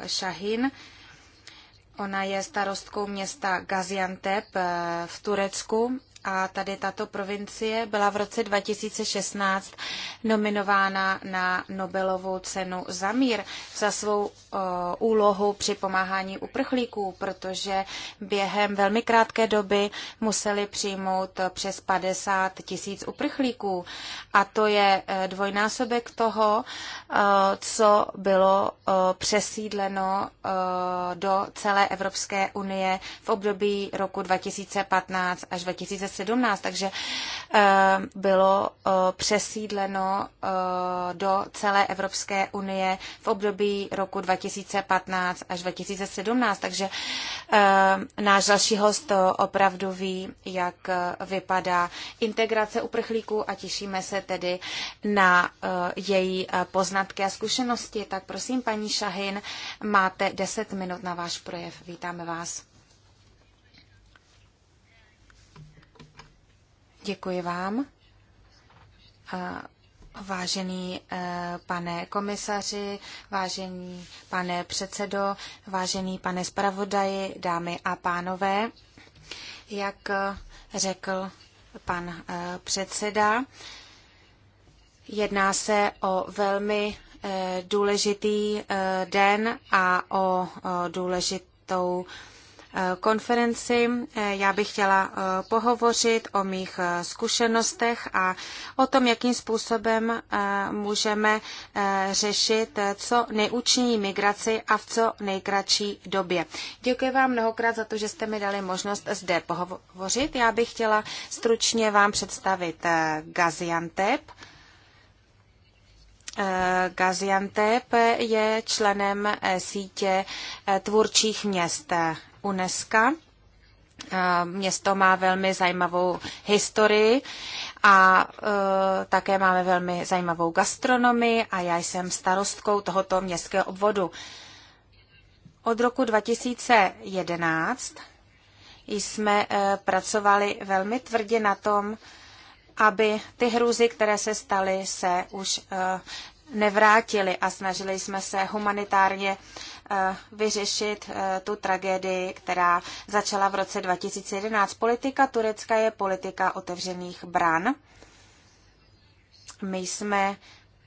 Shahin. Ona je starostkou města Gaziantep v Turecku a tady tato provincie byla v roce 2016 nominována na Nobelovu cenu za mír za svou o, úlohu při pomáhání uprchlíků, protože během velmi krátké doby museli přijmout přes 50 tisíc uprchlíků a to je e, dvojnásobek toho, o, e, co bylo o, e, přesídleno do celé Evropské unie v období roku 2015 až 2017. 2017, takže eh, bylo eh, přesídleno eh, do celé Evropské unie v období roku 2015 až 2017, takže náš další host opravdu ví, jak vypadá integrace uprchlíků a těšíme se tedy na její poznatky a zkušenosti. Tak prosím, paní Šahin, máte 10 minut na váš projev. Vítáme vás. Děkuji vám. Vážený eh, pane komisaři, vážený pane předsedo, vážený pane zpravodaji, dámy a pánové, jak eh, řekl pan eh, předseda, jedná se o velmi důležitý den a o důležitou konferenci. Já bych chtěla eh, pohovořit o mých eh, zkušenostech a o tom, jakým způsobem eh, můžeme řešit co nejúčinní migraci a v co nejkratší době. Děkuji vám mnohokrát za to, že jste mi dali možnost zde pohovořit. Já bych chtěla stručně vám představit Gaziantep. Gaziantep je členem sítě tvůrčích měst UNESCO. Eh, město má velmi zajímavou historii a eh, také máme velmi zajímavou gastronomii a já jsem starostkou tohoto městského obvodu. Od roku 2011 jsme eh, pracovali velmi tvrdě na tom, aby ty hrůzy, které se staly, se už nevrátily a snažili jsme se humanitárně Eh, vyřešit eh, tu tragédii, která začala v roce 2011. Politika Turecka je politika otevřených bran. My jsme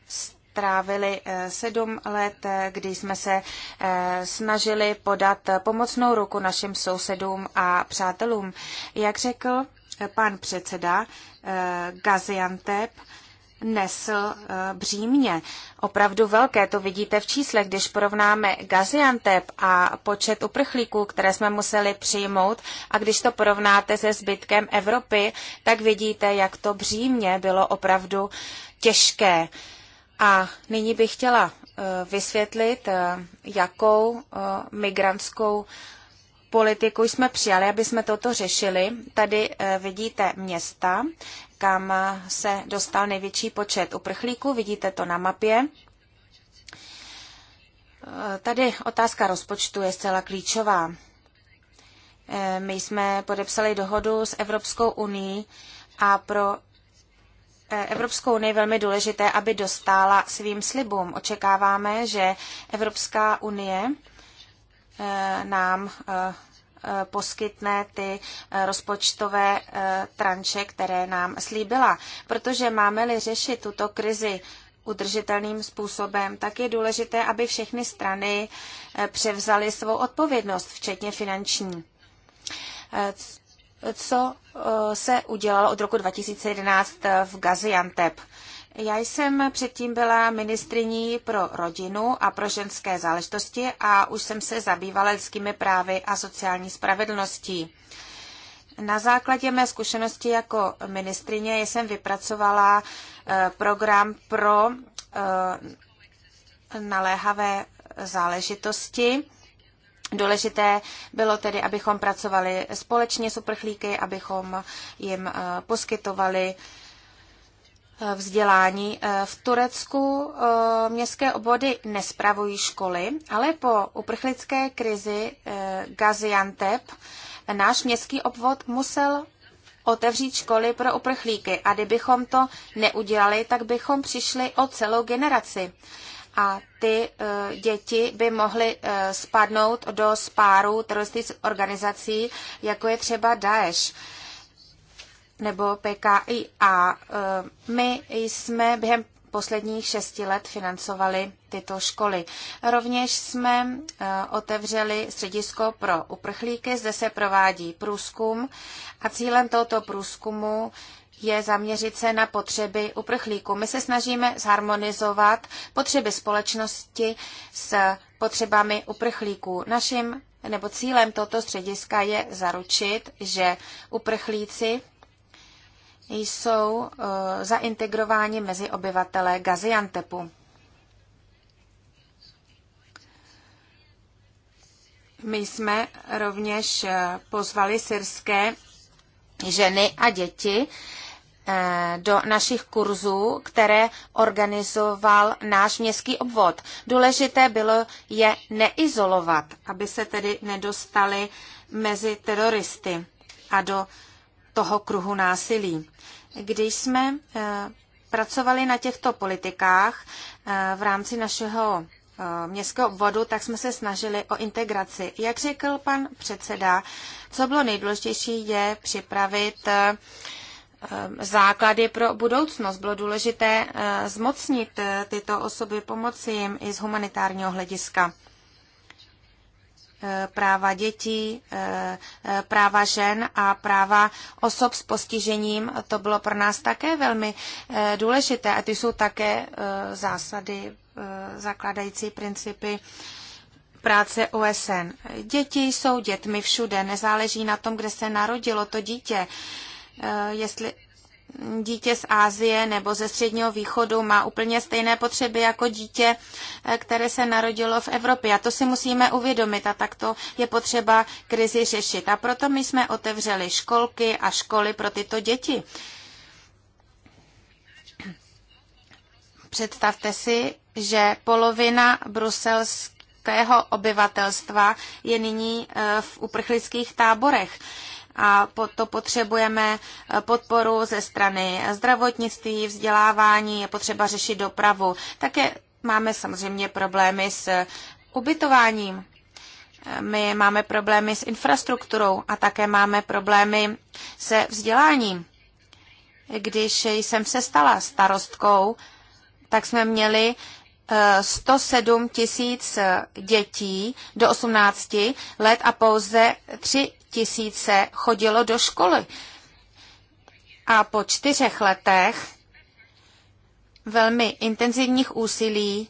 strávili eh, sedm let, kdy jsme se snažili podat pomocnou ruku našim sousedům a přátelům. Jak řekl pan předseda, Gaziantep nesl eh, břímně. Opravdu velké, to vidíte v číslech, když porovnáme Gaziantep a počet uprchlíků, které jsme museli přijmout a když to porovnáte se zbytkem Evropy, tak vidíte, jak to břímně bylo opravdu těžké. A nyní bych chtěla eh, vysvětlit, eh, jakou migrantskou politiku jsme přijali, aby jsme toto řešili. Tady vidíte města, kam se dostal největší počet uprchlíků. Vidíte to na mapě. Tady otázka rozpočtu je zcela klíčová. My jsme podepsali dohodu s Evropskou unii a pro Evropskou unii velmi důležité, aby dostála svým slibům. Očekáváme, že Evropská unie eh, nám eh, Eh, poskytne ty eh, rozpočtové eh, tranče, které nám slíbila. Protože máme-li řešit tuto krizi udržitelným způsobem, tak je důležité, aby všechny strany převzaly svou odpovědnost, včetně finanční. Co se udělalo od roku 2011 v Gaziantep? Já jsem předtím byla ministriní pro rodinu a pro ženské záležitosti a už jsem se zabývala lidskými právy a sociální spravedlností. Na základě mé zkušenosti jako ministrině jsem vypracovala eh, program pro eh, naléhavé záležitosti. Důležité bylo tedy, abychom pracovali společně s uprchlíky, abychom jim eh, poskytovali Eh, vzdělání. Eh, v Turecku eh, městské obvody nespravují školy, ale po uprchlické krizi Gaziantep náš městský obvod musel otevřít školy pro uprchlíky a kdybychom to neudělali, tak bychom přišli o celou generaci. A ty e, děti by mohly e, spadnout do spáru teroristických organizací, jako je třeba Daesh nebo PKIA. Eh, my jsme během posledních šesti let financovali tyto školy. Rovněž jsme eh, otevřeli středisko pro uprchlíky, zde se provádí průzkum a cílem tohoto průzkumu je zaměřit se na potřeby uprchlíků. My se snažíme zharmonizovat potřeby společnosti s potřebami uprchlíků. Naším nebo cílem tohoto střediska je zaručit, že uprchlíci jsou eh, zaintegrováni mezi obyvatele Gaziantepu. My jsme rovněž eh, pozvali syrské ženy a děti eh, do našich kurzů, které organizoval náš městský obvod. Důležité bylo je neizolovat, aby se tedy nedostali mezi teroristy a do toho kruhu násilí. Když jsme eh, pracovali na těchto politikách eh, v rámci našeho eh, městského obvodu, tak jsme se snažili o integraci. Jak řekl pan předseda, co bylo nejdůležitější je připravit základy pro budoucnost. Bylo důležité zmocnit tyto osoby, pomoci jim i z humanitárního hlediska. Eh, práva dětí, eh, eh, práva žen a práva osob s postižením. To bylo pro nás také velmi důležité a ty jsou také zásady, zakládající principy práce OSN. Děti jsou dětmi všude, nezáleží na tom, kde se narodilo to dítě. Jestli dítě z Ázie nebo ze Středního východu má úplně stejné potřeby jako dítě, eh, které se narodilo v Evropě. A to si musíme uvědomit a takto je potřeba krizi řešit. A proto my jsme otevřeli školky a školy pro tyto děti. Představte si, že polovina bruselského obyvatelstva je nyní eh, v uprchlických táborech a to potřebujeme eh, podporu ze strany zdravotnictví, vzdělávání, je potřeba řešit dopravu. Také máme samozřejmě problémy s ubytováním. Eh, my máme problémy s infrastrukturou a také máme problémy se vzděláním. Když jsem se stala starostkou, tak jsme měli 107 eh, tisíc dětí do 18 let a pouze 3 tisíce chodilo do školy. A po čtyřech letech velmi intenzivních úsilí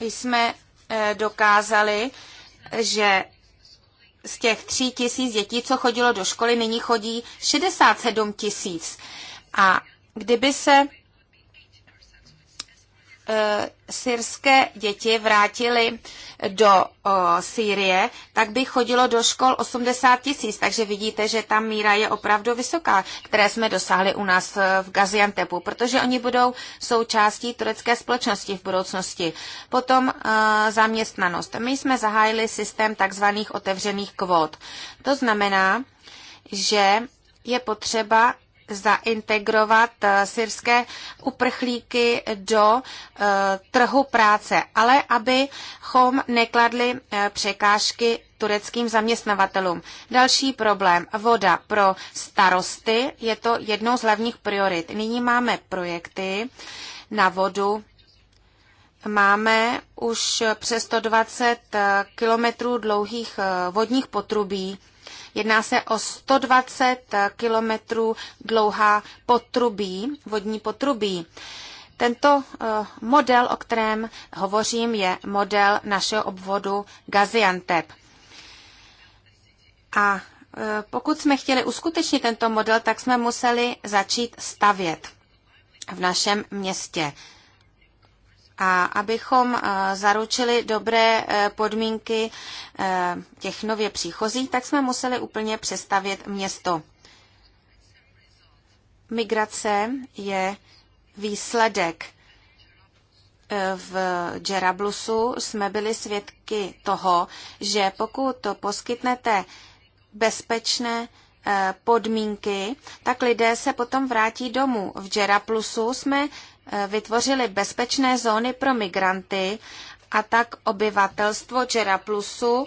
jsme eh, dokázali, že z těch tří tisíc dětí, co chodilo do školy, nyní chodí 67 tisíc. A kdyby se Eh, syrské děti vrátili do o, Sýrie, tak by chodilo do škol 80 tisíc. Takže vidíte, že ta míra je opravdu vysoká, které jsme dosáhli u nás eh, v Gaziantepu, protože oni budou součástí turecké společnosti v budoucnosti. Potom o, eh, zaměstnanost. My jsme zahájili systém takzvaných otevřených kvót. To znamená, že je potřeba zaintegrovat eh, syrské uprchlíky do eh, trhu práce, ale abychom nekladli eh, překážky tureckým zaměstnavatelům. Další problém, voda pro starosty, je to jednou z hlavních priorit. Nyní máme projekty na vodu máme už přes 120 kilometrů dlouhých vodních potrubí Jedná se o 120 kilometrů dlouhá potrubí, vodní potrubí. Tento eh, model, o kterém hovořím, je model našeho obvodu Gaziantep. A eh, pokud jsme chtěli uskutečnit tento model, tak jsme museli začít stavět v našem městě. A abychom eh, zaručili dobré eh, podmínky eh, těch nově příchozích, tak jsme museli úplně přestavět město. Migrace je výsledek. V Džerablusu jsme byli svědky toho, že pokud to poskytnete bezpečné podmínky, tak lidé se potom vrátí domů. V Džeraplusu jsme vytvořili bezpečné zóny pro migranty a tak obyvatelstvo Jera Plusu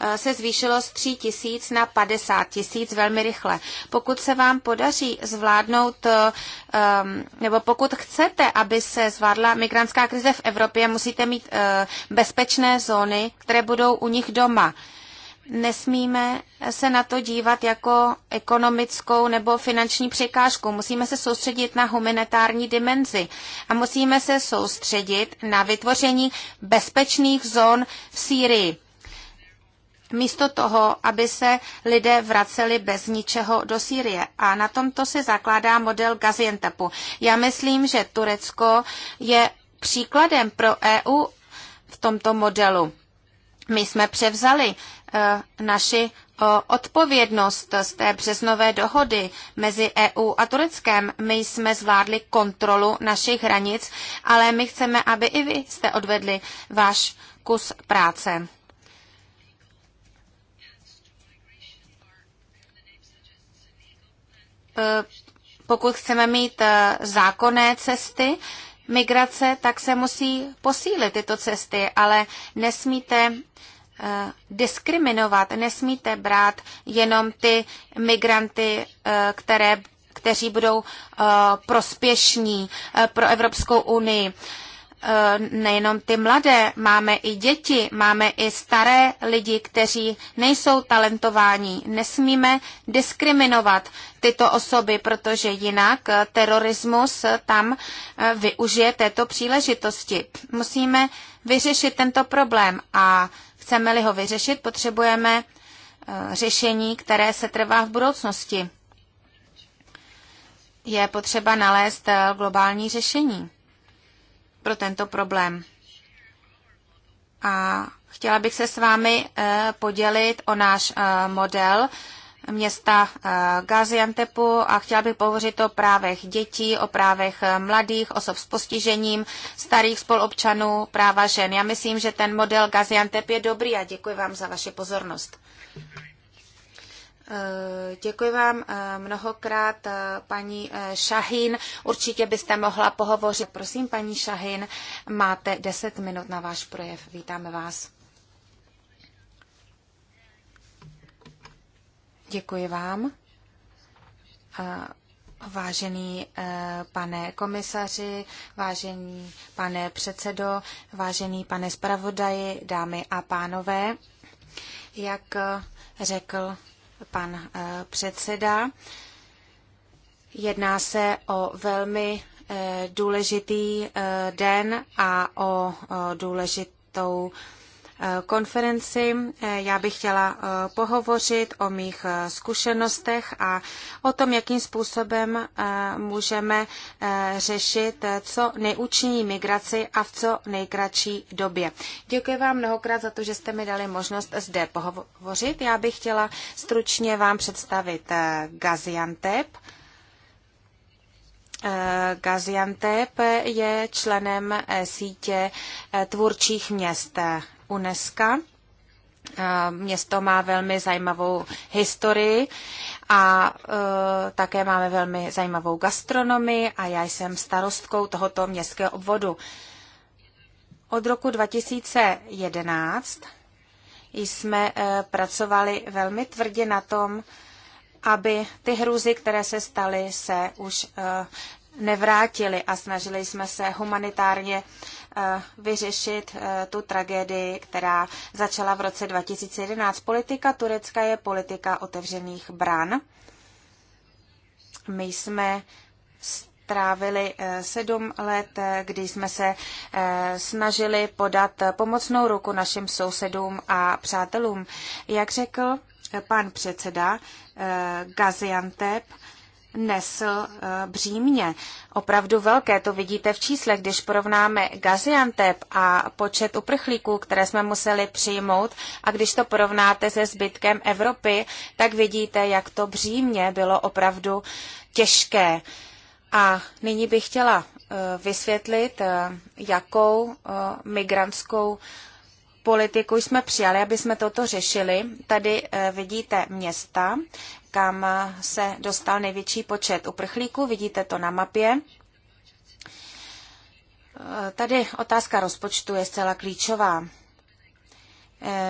eh, se zvýšilo z 3 tisíc na 50 tisíc velmi rychle. Pokud se vám podaří zvládnout, eh, nebo pokud chcete, aby se zvládla migrantská krize v Evropě, musíte mít eh, bezpečné zóny, které budou u nich doma nesmíme se na to dívat jako ekonomickou nebo finanční překážku. Musíme se soustředit na humanitární dimenzi a musíme se soustředit na vytvoření bezpečných zón v Sýrii. Místo toho, aby se lidé vraceli bez ničeho do Sýrie. A na tomto se zakládá model Gaziantepu. Já myslím, že Turecko je příkladem pro EU v tomto modelu. My jsme převzali Eh, naši eh, odpovědnost z té březnové dohody mezi EU a Tureckem. My jsme zvládli kontrolu našich hranic, ale my chceme, aby i vy jste odvedli váš kus práce. Eh, pokud chceme mít zákonné cesty, migrace, tak se musí posílit tyto cesty, ale nesmíte Eh, diskriminovat. Nesmíte brát jenom ty migranty, eh, které, kteří budou eh, prospěšní pro Evropskou unii nejenom ty mladé, máme i děti, máme i staré lidi, kteří nejsou talentováni. Nesmíme diskriminovat tyto osoby, protože jinak terorismus tam využije této příležitosti. Musíme vyřešit tento problém a Chceme-li ho vyřešit, potřebujeme eh, řešení, které se trvá v budoucnosti. Je potřeba nalézt eh, globální řešení pro tento problém. A chtěla bych se s vámi eh, podělit o náš model, města eh, Gaziantepu a chtěla bych pohovořit o právech dětí, o právech eh, mladých, osob s postižením, starých spolobčanů, práva žen. Já myslím, že ten model Gaziantep je dobrý a děkuji vám za vaši pozornost. Eh, děkuji vám mnohokrát, paní Šahin. Určitě byste mohla pohovořit. Prosím, paní Šahin, máte 10 minut na váš projev. Vítáme vás. Děkuji vám. Vážený eh, pane komisaři, vážený pane předsedo, vážený pane zpravodaji, dámy a pánové, jak eh, řekl pan eh, předseda, jedná se o velmi důležitý den a o důležitou konferenci. Já bych chtěla eh, pohovořit o mých eh, zkušenostech a o tom, jakým způsobem eh, můžeme řešit co nejúčinněji migraci a v co nejkratší době. Děkuji vám mnohokrát za to, že jste mi dali možnost zde pohovořit. Já bych chtěla stručně vám představit Gaziantep. Gaziantep je členem sítě tvůrčích měst UNESCO. Eh, město má velmi zajímavou historii a eh, také máme velmi zajímavou gastronomii a já jsem starostkou tohoto městského obvodu. Od roku 2011 jsme eh, pracovali velmi tvrdě na tom, aby ty hrůzy, které se staly, se už nevrátily a snažili jsme se humanitárně Eh, vyřešit eh, tu tragédii, která začala v roce 2011. Politika Turecka je politika otevřených bran. My jsme strávili eh, sedm let, kdy jsme se snažili podat pomocnou ruku našim sousedům a přátelům. Jak řekl pan předseda Gaziantep, nesl eh, břímě. Opravdu velké, to vidíte v číslech, když porovnáme Gaziantep a počet uprchlíků, které jsme museli přijmout a když to porovnáte se zbytkem Evropy, tak vidíte, jak to břímě bylo opravdu těžké. A nyní bych chtěla eh, vysvětlit, eh, jakou migrantskou politiku jsme přijali, aby jsme toto řešili. Tady eh, vidíte města, kam eh, se dostal největší počet uprchlíků. Vidíte to na mapě. Eh, tady otázka rozpočtu je zcela klíčová.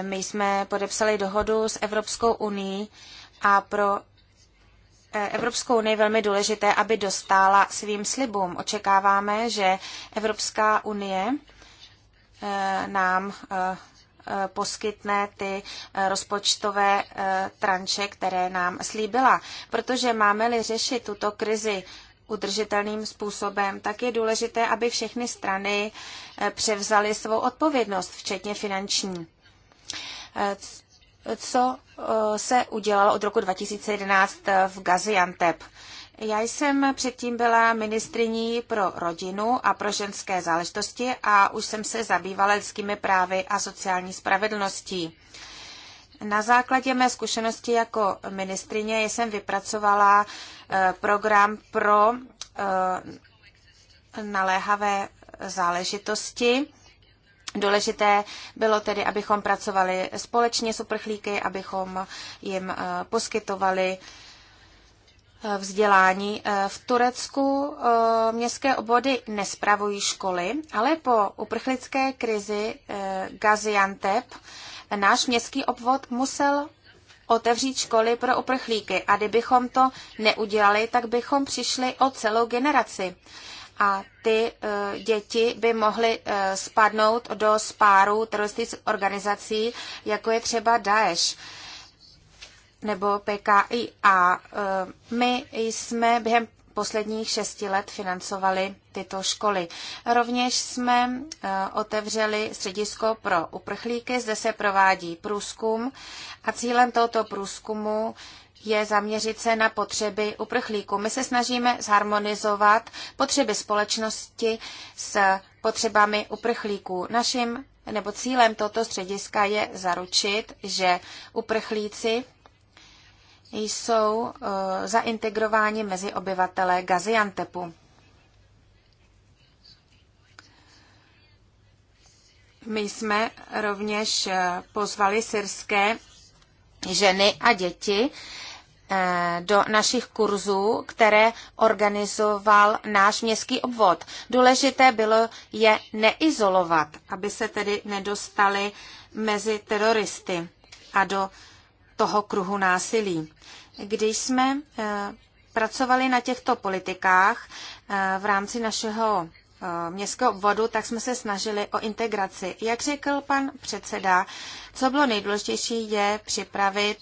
My jsme podepsali dohodu s Evropskou unii a pro Evropskou unii je velmi důležité, aby dostála svým slibům. Očekáváme, že Evropská unie Eh, nám eh, eh, poskytne ty rozpočtové tranče, které nám slíbila. Protože máme-li řešit tuto krizi udržitelným způsobem, tak je důležité, aby všechny strany převzaly svou odpovědnost, včetně finanční. Co se udělalo od roku 2011 v Gaziantep? Já jsem předtím byla ministriní pro rodinu a pro ženské záležitosti a už jsem se zabývala lidskými právy a sociální spravedlností. Na základě mé zkušenosti jako ministrině jsem vypracovala eh, program pro eh, naléhavé záležitosti. Důležité bylo tedy, abychom pracovali společně s uprchlíky, abychom jim eh, poskytovali Eh, vzdělání. Eh, v Turecku eh, městské obvody nespravují školy, ale po uprchlické krizi Gaziantep náš městský obvod musel otevřít školy pro uprchlíky a kdybychom to neudělali, tak bychom přišli o celou generaci. A ty děti by mohly spadnout do spáru teroristických organizací, jako je třeba Daesh nebo PKI. A e, my jsme během posledních šesti let financovali tyto školy. Rovněž jsme e, otevřeli středisko pro uprchlíky, zde se provádí průzkum a cílem tohoto průzkumu je zaměřit se na potřeby uprchlíků. My se snažíme zharmonizovat potřeby společnosti s potřebami uprchlíků. Naším nebo cílem tohoto střediska je zaručit, že uprchlíci jsou eh, zaintegrováni mezi obyvatele Gaziantepu. My jsme rovněž eh, pozvali syrské ženy a děti eh, do našich kurzů, které organizoval náš městský obvod. Důležité bylo je neizolovat, aby se tedy nedostali mezi teroristy a do toho kruhu násilí. Když jsme eh, pracovali na těchto politikách eh, v rámci našeho eh, městského obvodu, tak jsme se snažili o integraci. Jak řekl pan předseda, co bylo nejdůležitější je připravit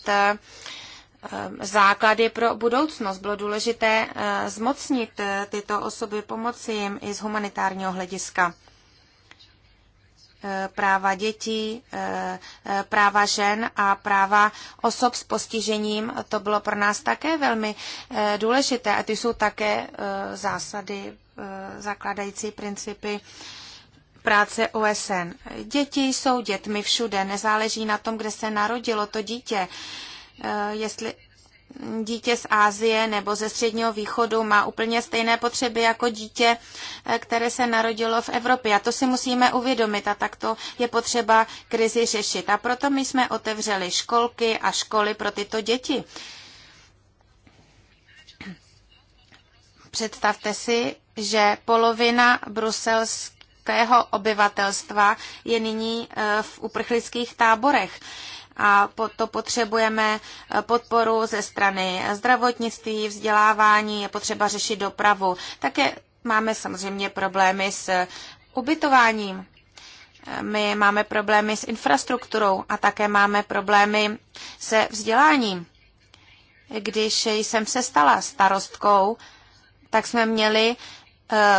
základy pro budoucnost. Bylo důležité zmocnit tyto osoby, pomoci jim i z humanitárního hlediska. Eh, práva dětí, eh, eh, práva žen a práva osob s postižením. To bylo pro nás také velmi důležité a ty jsou také zásady, zakládající principy práce OSN. Děti jsou dětmi všude, nezáleží na tom, kde se narodilo to dítě. Jestli dítě z Ázie nebo ze Středního východu má úplně stejné potřeby jako dítě, eh, které se narodilo v Evropě. A to si musíme uvědomit a takto je potřeba krizi řešit. A proto my jsme otevřeli školky a školy pro tyto děti. Představte si, že polovina bruselského obyvatelstva je nyní eh, v uprchlických táborech a to potřebujeme eh, podporu ze strany zdravotnictví, vzdělávání, je potřeba řešit dopravu. Také máme samozřejmě problémy s ubytováním. Eh, my máme problémy s infrastrukturou a také máme problémy se vzděláním. Když jsem se stala starostkou, tak jsme měli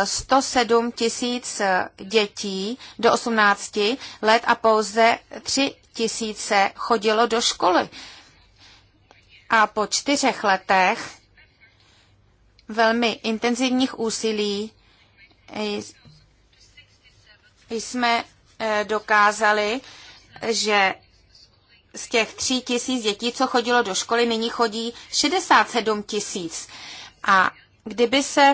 107 eh, tisíc dětí do 18 let a pouze 3 tisíce chodilo do školy. A po čtyřech letech velmi intenzivních úsilí jsme eh, dokázali, že z těch tří tisíc dětí, co chodilo do školy, nyní chodí 67 tisíc. A kdyby se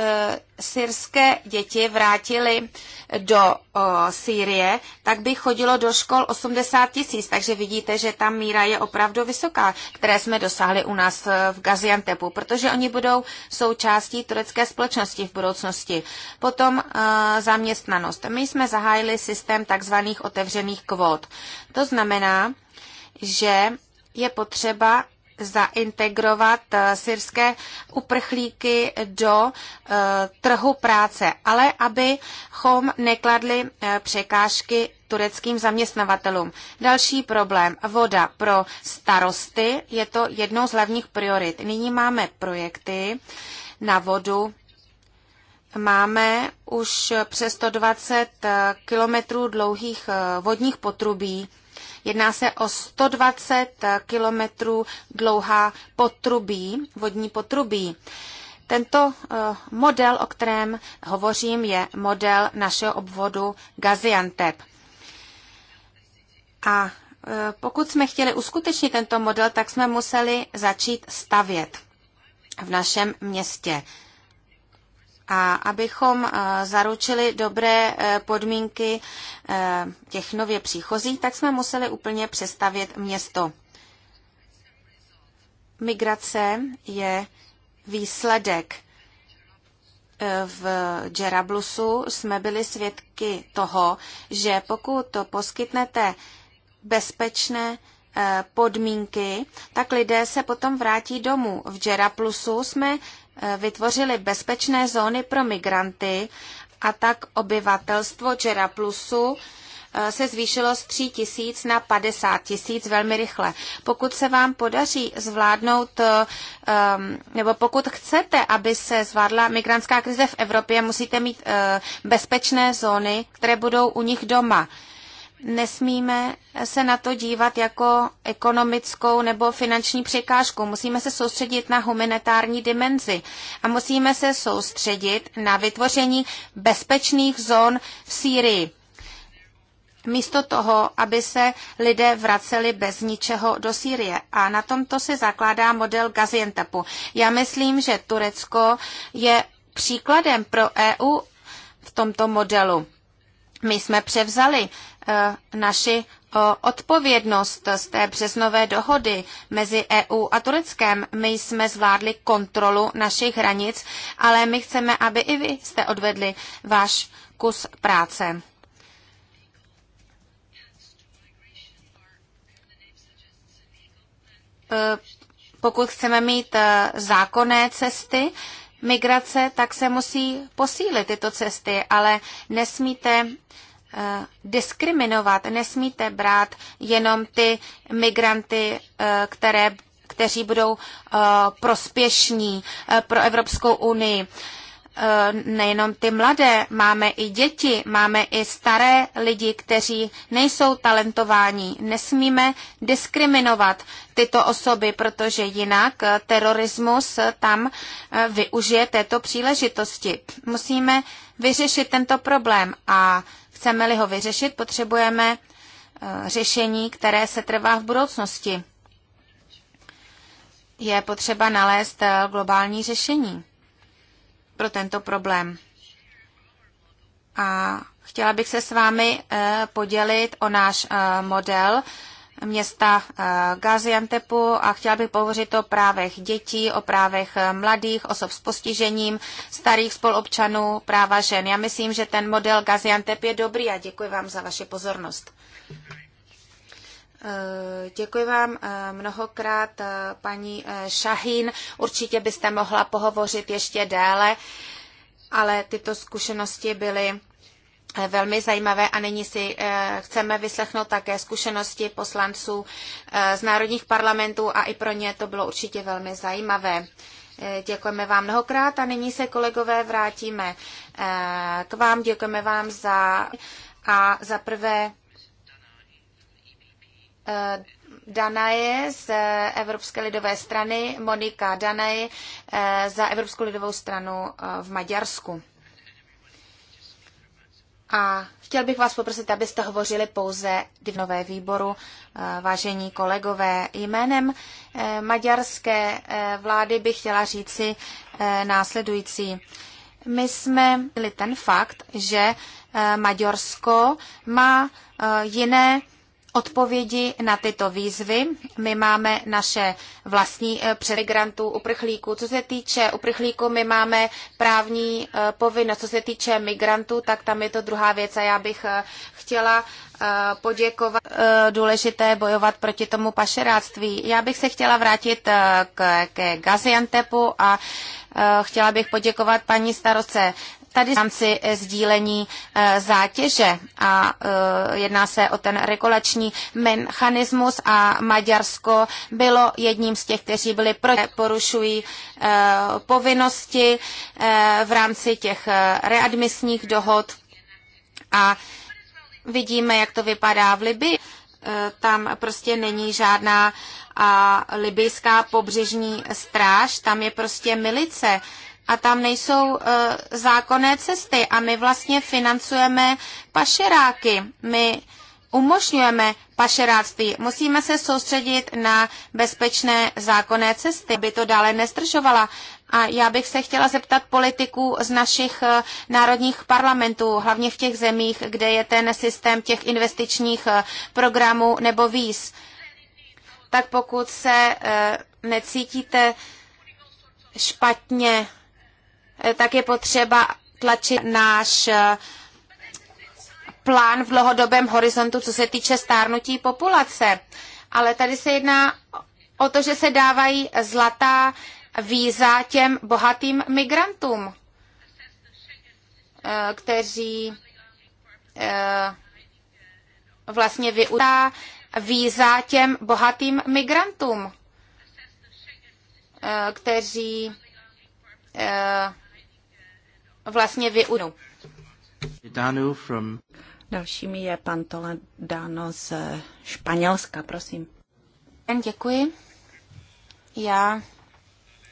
Eh, syrské děti vrátili do Sýrie, tak by chodilo do škol 80 tisíc. Takže vidíte, že ta míra je opravdu vysoká, které jsme dosáhli u nás eh, v Gaziantepu, protože oni budou součástí turecké společnosti v budoucnosti. Potom eh, zaměstnanost. My jsme zahájili systém takzvaných otevřených kvót. To znamená, že je potřeba zaintegrovat eh, syrské uprchlíky do eh, trhu práce, ale abychom nekladli eh, překážky tureckým zaměstnavatelům. Další problém, voda pro starosty, je to jednou z hlavních priorit. Nyní máme projekty na vodu, máme už přes 120 kilometrů dlouhých vodních potrubí, Jedná se o 120 kilometrů dlouhá potrubí, vodní potrubí. Tento eh, model, o kterém hovořím, je model našeho obvodu Gaziantep. A eh, pokud jsme chtěli uskutečnit tento model, tak jsme museli začít stavět v našem městě a abychom eh, zaručili dobré eh, podmínky eh, těch nově příchozích, tak jsme museli úplně přestavět město. Migrace je výsledek. V Džerablusu jsme byli svědky toho, že pokud to poskytnete bezpečné podmínky, tak lidé se potom vrátí domů. V Džeraplusu jsme vytvořili bezpečné zóny pro migranty a tak obyvatelstvo Čera Plusu eh, se zvýšilo z 3 tisíc na 50 tisíc velmi rychle. Pokud se vám podaří zvládnout, eh, nebo pokud chcete, aby se zvládla migrantská krize v Evropě, musíte mít eh, bezpečné zóny, které budou u nich doma nesmíme se na to dívat jako ekonomickou nebo finanční překážku. Musíme se soustředit na humanitární dimenzi a musíme se soustředit na vytvoření bezpečných zón v Sýrii. Místo toho, aby se lidé vraceli bez ničeho do Sýrie. A na tomto se zakládá model Gaziantepu. Já myslím, že Turecko je příkladem pro EU v tomto modelu. My jsme převzali E, naši e, odpovědnost z té březnové dohody mezi EU a Tureckem. My jsme zvládli kontrolu našich hranic, ale my chceme, aby i vy jste odvedli váš kus práce. E, pokud chceme mít zákonné cesty, migrace, tak se musí posílit tyto cesty, ale nesmíte Eh, diskriminovat. Nesmíte brát jenom ty migranty, eh, které, kteří budou eh, prospěšní pro Evropskou unii nejenom ty mladé, máme i děti, máme i staré lidi, kteří nejsou talentováni. Nesmíme diskriminovat tyto osoby, protože jinak terorismus tam využije této příležitosti. Musíme vyřešit tento problém a Chceme-li ho vyřešit, potřebujeme eh, řešení, které se trvá v budoucnosti. Je potřeba nalézt eh, globální řešení pro tento problém. A chtěla bych se s vámi eh, podělit o náš model, města eh, Gaziantepu a chtěla bych pohovořit o právech dětí, o právech eh, mladých, osob s postižením, starých spolobčanů, práva žen. Já myslím, že ten model Gaziantep je dobrý a děkuji vám za vaši pozornost. Eh, děkuji vám mnohokrát, paní Šahín. Určitě byste mohla pohovořit ještě déle, ale tyto zkušenosti byly Eh, velmi zajímavé a nyní si eh, chceme vyslechnout také zkušenosti poslanců eh, z národních parlamentů a i pro ně to bylo určitě velmi zajímavé. Děkujeme vám mnohokrát a nyní se kolegové vrátíme k vám. Děkujeme vám za a za prvé Danaje z Evropské lidové strany, Monika Danaje za Evropskou lidovou stranu v Maďarsku. A chtěl bych vás poprosit, abyste hovořili pouze divnové výboru, eh, vážení kolegové. Jménem eh, maďarské eh, vlády bych chtěla říci následující. My jsme měli ten fakt, že Maďarsko má jiné odpovědi na tyto výzvy. My máme naše vlastní eh, přemigrantů, uprchlíků. Co se týče uprchlíků, my máme právní eh, povinnost. Co se týče migrantů, tak tam je to druhá věc a já bych eh, chtěla poděkovat. Důležité bojovat proti tomu pašeráctví. Já bych se chtěla vrátit k, ke Gaziantepu a chtěla bych poděkovat paní starostce tady v rámci eh, sdílení eh, zátěže a eh, jedná se o ten regulační mechanismus a Maďarsko bylo jedním z těch, kteří byli proti, porušují povinnosti v rámci těch readmisních dohod a vidíme, jak to vypadá v Libii. Tam prostě není žádná libijská pobřežní stráž, tam je prostě milice a tam nejsou uh, zákonné cesty a my vlastně financujeme pašeráky. My umožňujeme pašeráctví. Musíme se soustředit na bezpečné zákonné cesty, aby to dále nestržovala. A já bych se chtěla zeptat politiků z našich eh, národních parlamentů, hlavně v těch zemích, kde je ten systém těch investičních eh, programů nebo víz. Tak pokud se necítíte špatně Eh, tak je potřeba tlačit náš eh, plán v dlouhodobém horizontu, co se týče stárnutí populace. Ale tady se jedná o to, že se dávají zlatá víza těm bohatým migrantům, eh, kteří vlastně využívá víza těm bohatým migrantům, kteří vlastně vyunu. From... Dalším je pan Toledano z Španělska, prosím. Děkuji. Já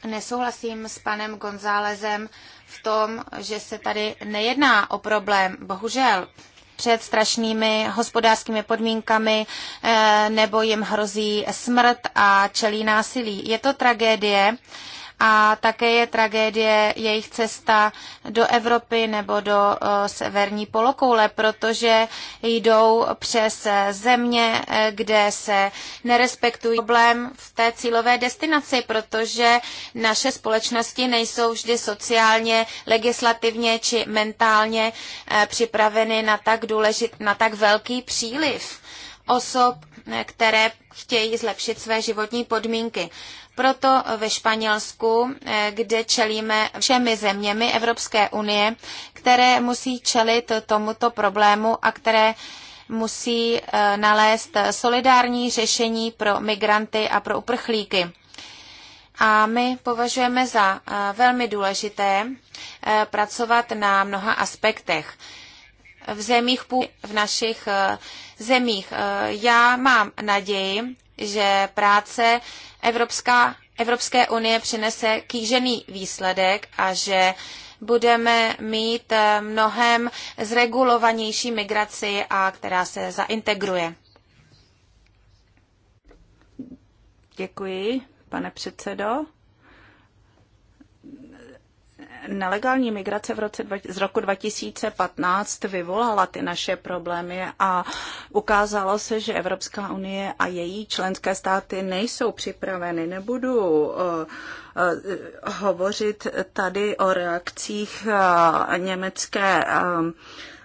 nesouhlasím s panem Gonzálezem v tom, že se tady nejedná o problém. Bohužel před strašnými hospodářskými podmínkami eh, nebo jim hrozí smrt a čelí násilí. Je to tragédie, a také je tragédie jejich cesta do Evropy nebo do eh, severní polokoule, protože jdou přes země, eh, kde se nerespektují problém v té cílové destinaci, protože naše společnosti nejsou vždy sociálně, legislativně či mentálně eh, připraveny na tak, důležit, na tak velký příliv osob, které chtějí zlepšit své životní podmínky. Proto ve Španělsku, eh, kde čelíme všemi zeměmi Evropské unie, které musí čelit tomuto problému a které musí eh, nalézt solidární řešení pro migranty a pro uprchlíky. A my považujeme za eh, velmi důležité pracovat na mnoha aspektech. V zemích, v našich zemích. Já mám naději, že práce Evropská, Evropské unie přinese kýžený výsledek a že budeme mít eh, mnohem zregulovanější migraci, a která se zaintegruje. Děkuji, pane předsedo nelegální migrace v roce, z roku 2015 vyvolala ty naše problémy a ukázalo se, že Evropská unie a její členské státy nejsou připraveny. Nebudu uh, uh, hovořit tady o reakcích uh, německé um,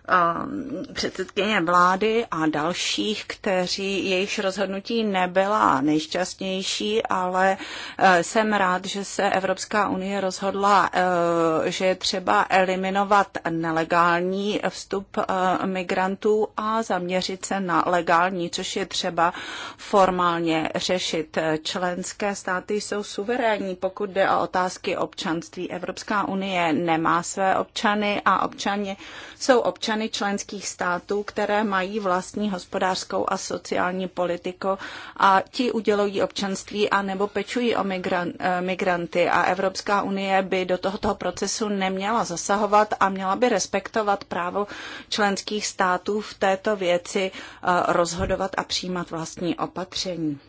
Eh, předsedkyně vlády a dalších, kteří jejich rozhodnutí nebyla nejšťastnější, ale eh, jsem rád, že se Evropská unie rozhodla, eh, že je třeba eliminovat nelegální vstup migrantů a zaměřit se na legální, což je třeba formálně řešit. Členské státy jsou suverénní, pokud jde o otázky občanství. Evropská unie nemá své občany a občany jsou občany občany členských států, které mají vlastní hospodářskou a sociální politiku a ti udělují občanství a nebo pečují o eh, migranty. A Evropská unie by do tohoto procesu neměla zasahovat a měla by respektovat právo členských států v této věci eh, rozhodovat a přijímat vlastní opatření.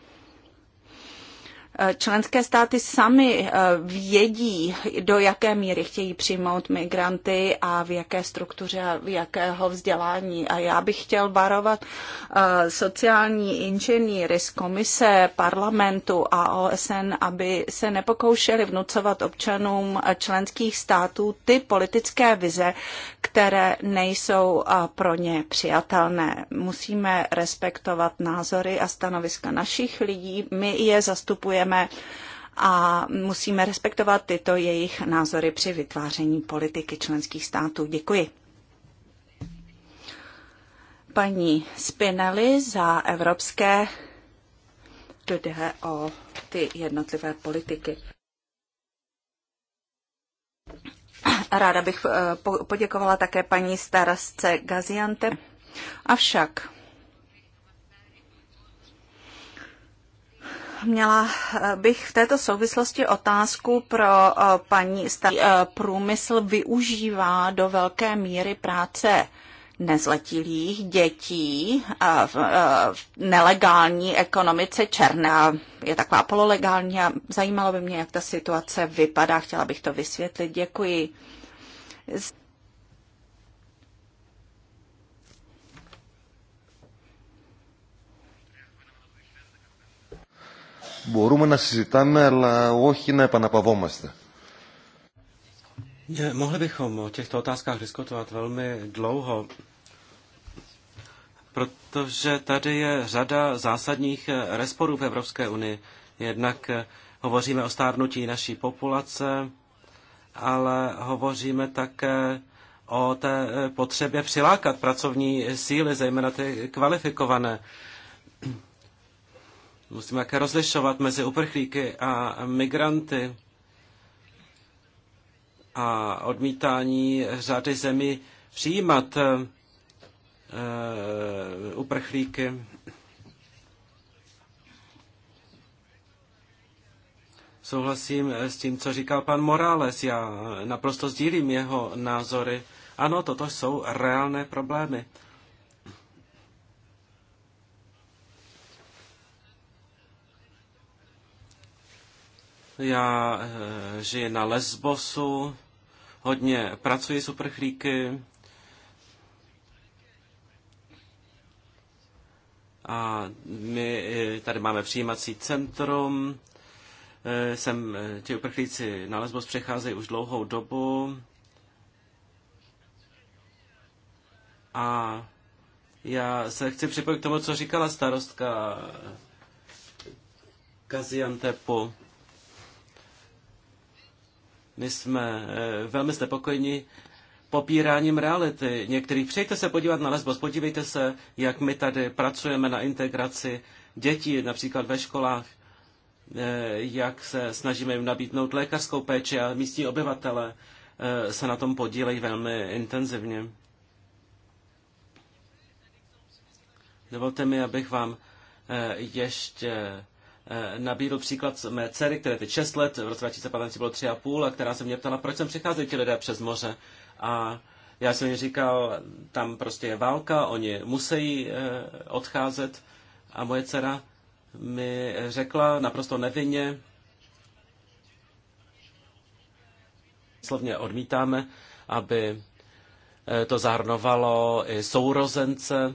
Eh, členské státy sami eh, vědí, do jaké míry chtějí přijmout migranty a v jaké struktuře a v jakého vzdělání. A já bych chtěl varovat eh, sociální inženýry z komise, parlamentu a OSN, aby se nepokoušeli vnucovat občanům členských států ty politické vize, které nejsou pro ně přijatelné. Musíme respektovat názory a stanoviska našich lidí. My je zastupujeme potřebujeme a musíme respektovat tyto jejich názory při vytváření politiky členských států. Děkuji. Paní Spinelli za evropské jde o ty jednotlivé politiky. Ráda bych eh, poděkovala také paní starostce Gaziante. Avšak Měla eh, bych v této souvislosti otázku pro eh, paní stav. Eh, průmysl využívá do velké míry práce nezletilých dětí v, v nelegální ekonomice černá. Je taková pololegální a zajímalo by mě, jak ta situace vypadá. Chtěla bych to vysvětlit. Děkuji. Μπορούμε να συζητάμε, αλλά όχι να επαναπαυόμαστε. Mohli bychom o těchto otázkách diskutovat velmi dlouho, protože tady je řada zásadních eh, resporů v Evropské unii. Jednak eh, hovoříme o stárnutí naší populace, ale hovoříme také o té eh, potřebě přilákat pracovní síly, zejména ty kvalifikované. Musíme také rozlišovat mezi uprchlíky a migranty a odmítání řady zemí přijímat uh, uprchlíky. Souhlasím s tím, co říkal pan Morales. Já naprosto sdílím jeho názory. Ano, toto jsou reálné problémy. Já eh, žiji na Lesbosu, hodně pracuji s uprchlíky. A my eh, tady máme přijímací centrum. Eh, sem ti uprchlíci na Lesbos přecházejí už dlouhou dobu. A já se chci připojit k tomu, co říkala starostka Gaziantepu. My jsme eh, velmi znepokojeni popíráním reality některých. Přejte se podívat na lesbos, podívejte se, jak my tady pracujeme na integraci dětí, například ve školách, eh, jak se snažíme jim nabídnout lékařskou péči a místní obyvatele eh, se na tom podílejí velmi intenzivně. Dovolte mi, abych vám ještě Eh, nabídl příklad mé dcery, které teď 6 let, v roce 2015 bylo 3,5 a a která se mě ptala, proč sem přicházejí ti lidé přes moře. A já jsem jim říkal, tam prostě je válka, oni musí eh, odcházet. A moje dcera mi řekla naprosto nevinně, slovně odmítáme, aby eh, to zahrnovalo i sourozence,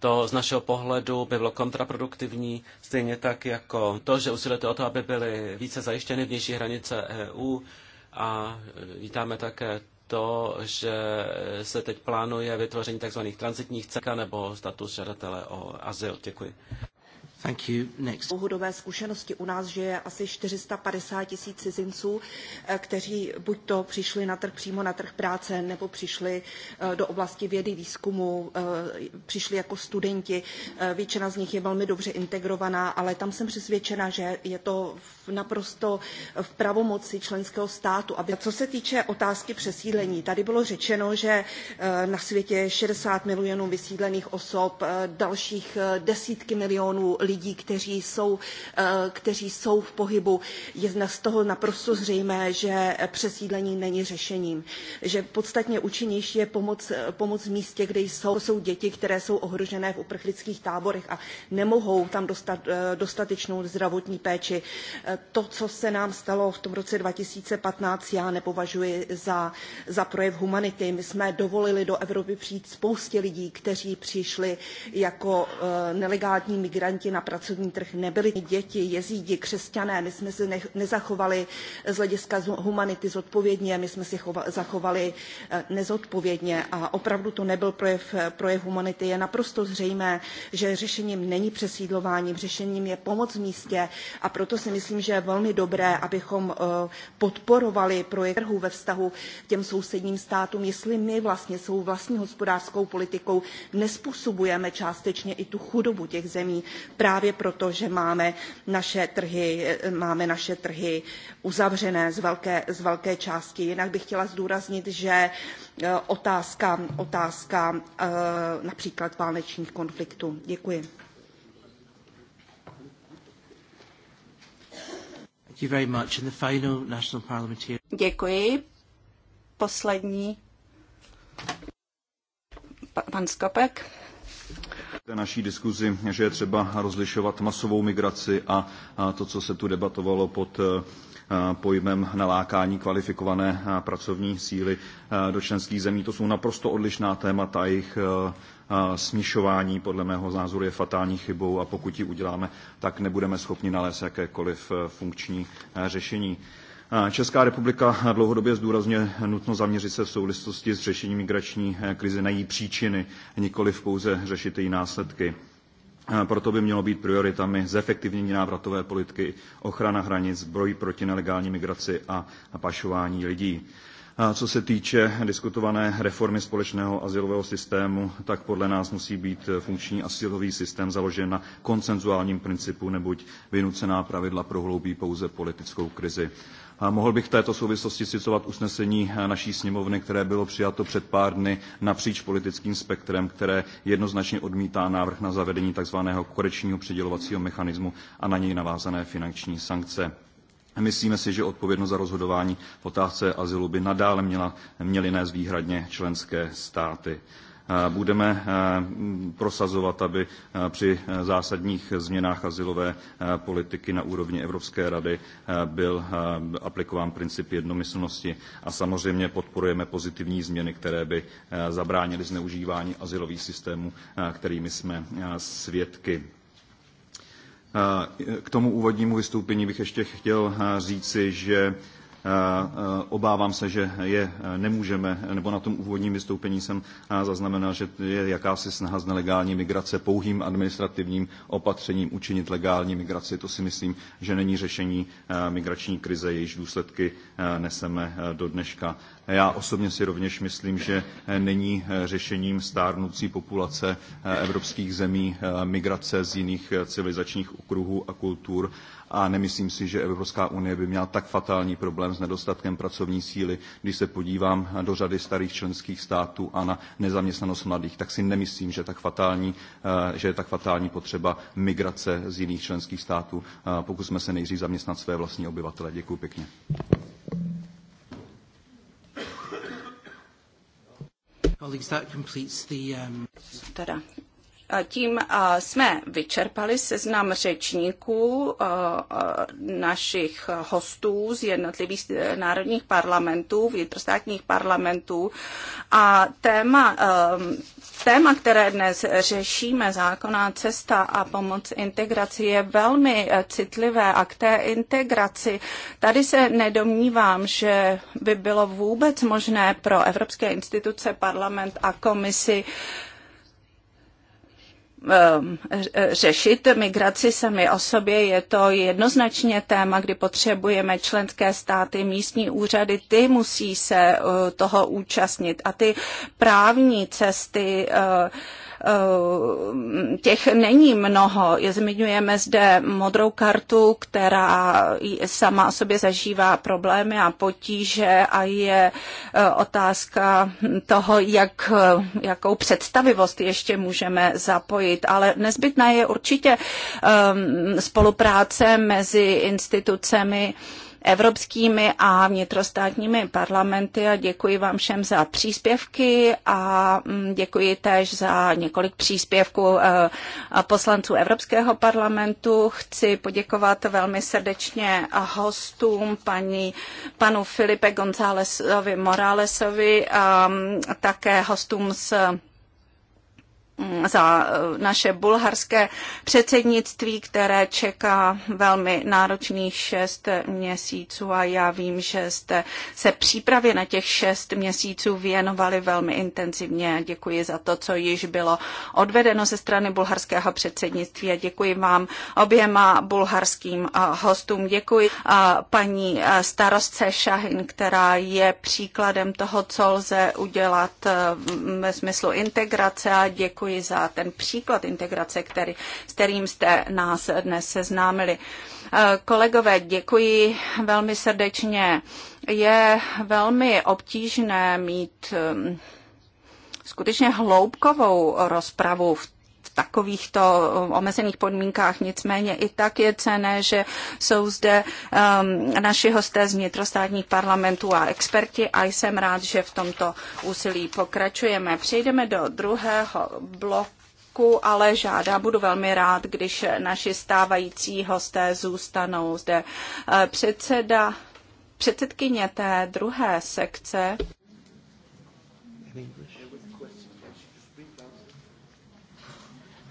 to z našeho pohledu by bylo kontraproduktivní, stejně tak jako to, že usilujete o to, aby byly více zajištěny vnější hranice EU a vítáme také to, že se teď plánuje vytvoření tzv. transitních cek nebo status žadatele o azyl. Děkuji. Thank you. Next. Dlouhodobé zkušenosti u nás, že je asi 450 tisíc cizinců, eh, kteří buď to přišli na trh přímo na trh práce, nebo přišli eh, do oblasti vědy, výzkumu, eh, přišli jako studenti. Většina z nich je velmi dobře integrovaná, ale tam jsem přesvědčena, že je to naprosto v pravomoci členského státu. Aby... Co se týče otázky přesídlení, tady bylo řečeno, že na světě je 60 milionů vysídlených osob, dalších desítky milionů lidí lidí, kteří jsou, eh, kteří jsou v pohybu, je z toho naprosto zřejmé, že přesídlení není řešením. Že podstatně účinnější je pomoc, eh, pomoc v místě, kde jsou, jsou děti, které jsou ohrožené v uprchlických táborech a nemohou tam dostat eh, dostatečnou zdravotní péči. To, co se nám stalo v tom roce 2015, já nepovažuji za, za projev humanity. My jsme dovolili do Evropy přijít spoustě lidí, kteří přišli jako nelegální migranti na na pracovní trh nebyly děti, jezídi, křesťané. My jsme se nezachovali z hlediska humanity zodpovědně, my jsme si zachovali eh, nezodpovědně a opravdu to nebyl projev, eh, projev humanity. Je naprosto zřejmé, že řešením není přesídlování, řešením je pomoc v místě a proto si myslím, že je velmi dobré, abychom eh, podporovali projekt trhu ve vztahu k těm sousedním státům, jestli my vlastně svou vlastní hospodářskou politikou nespůsobujeme částečně i tu chudobu těch zemí právě právě proto, že máme naše trhy, eh, máme naše trhy uzavřené z velké, z velké části. Jinak bych chtěla zdůraznit, že eh, otázka, otázka eh, například válečných konfliktů. Děkuji. Děkuji. Poslední. Pan Skopek té naší diskuzi, že je třeba rozlišovat masovou migraci a to, co se tu debatovalo pod e, pojmem nalákání kvalifikované e, pracovní síly e, do členských zemí. To jsou naprosto odlišná témata, jejich smíšování podle mého názoru je fatální chybou a pokud ji uděláme, tak nebudeme schopni nalézt jakékoliv funkční řešení. Česká republika dlouhodobě zdůrazně nutno zaměřit se v souvislosti s řešením migrační eh, krize na její příčiny, v pouze řešit její následky. Proto by mělo být prioritami zefektivnění návratové politiky, ochrana hranic, boj proti nelegální migraci a pašování lidí. Co se týče diskutované reformy společného asilového systému, tak podle nás musí být funkční asilový systém založen na konsenzuálním principu, neboť vynucená pravidla prohloubí pouze politickou krizi mohl bych v této souvislosti citovat usnesení eh, naší sněmovny, které bylo přijato před pár dny napříč politickým spektrem, které jednoznačně odmítá návrh na zavedení tzv. korečního přidělovacího mechanismu a na něj navázané finanční sankce. Myslíme si, že odpovědnost za rozhodování v otázce azylu by nadále měla, měly nést výhradně členské státy. Eh, budeme eh, prosazovat, aby eh, při zásadních změnách asilové politiky na úrovni Evropské rady byl aplikován princip jednomyslnosti a samozřejmě podporujeme pozitivní změny, které by zabránily zneužívání asilových systémů, kterými jsme svědky. K tomu úvodnímu vystoupení bych ještě chtěl říci, že Eh, obávám se, že je eh, nemůžeme, nebo na tom úvodním vystoupení jsem eh, zaznamenal, že je jakási snaha z nelegální migrace pouhým administrativním opatřením učinit legální migraci. To si myslím, že není řešení migrační krize, jejíž důsledky neseme do dneška. Já osobně si rovněž myslím, že není řešením stárnoucí populace evropských zemí migrace z jiných civilizačních okruhů a kultur a nemyslím si, že Evropská unie by měla tak fatální problém s nedostatkem pracovní síly. Když se podívám do řady starých členských států a na nezaměstnanost mladých, tak si nemyslím, že, tak fatální, eh, že je tak fatální potřeba migrace z jiných členských států. Eh, pokusme se nejdřív zaměstnat své vlastní obyvatele. Děkuji pěkně. Um, teda tím jsme vyčerpali seznam řečníků eh, eh, našich hostů z jednotlivých eh, národních parlamentů, vnitrostátních parlamentů a téma Téma, které dnes řešíme, zákonná cesta a pomoc integraci, je velmi citlivé a k té integraci tady se nedomnívám, že by bylo vůbec možné pro evropské instituce, parlament a komisi Um, řešit migraci sami o sobě. Je to jednoznačně téma, kdy potřebujeme členské státy, místní úřady, ty musí se uh, toho účastnit. A ty právní cesty uh, Eh, těch není mnoho. Zmiňujeme zde modrou kartu, která sama o sobě zažívá problémy a potíže a je eh, otázka toho, jak, eh, jakou představivost ještě můžeme zapojit. Ale nezbytná je určitě spolupráce mezi institucemi, evropskými a vnitrostátními parlamenty a děkuji vám všem za příspěvky a mm, děkuji též za několik příspěvků eh, poslanců Evropského parlamentu. Chci poděkovat velmi srdečně hostům, paní, panu Filipe Gonzálesovi Moralesovi, a ehm, také hostům z Mm, za eh, naše bulharské předsednictví, které čeká velmi náročných šest měsíců a já vím, že jste se přípravě na těch šest měsíců věnovali velmi intenzivně. Děkuji za to, co již bylo odvedeno ze strany bulharského předsednictví a děkuji vám oběma bulharským eh, hostům. Děkuji eh, paní starostce Šahin, která je příkladem toho, co lze udělat ve smyslu integrace a děkuji děkuji za ten příklad integrace, který, s kterým jste nás dnes seznámili. Kolegové, děkuji velmi srdečně. Je velmi obtížné mít um, skutečně hloubkovou rozpravu v takovýchto um, omezených podmínkách. Nicméně i tak je cené, že jsou zde um, naši hosté z vnitrostátních parlamentů a experti a jsem rád, že v tomto úsilí pokračujeme. Přejdeme do druhého bloku ale žádá, budu velmi rád, když naši stávající hosté zůstanou zde. Eh, předseda, předsedkyně té druhé sekce.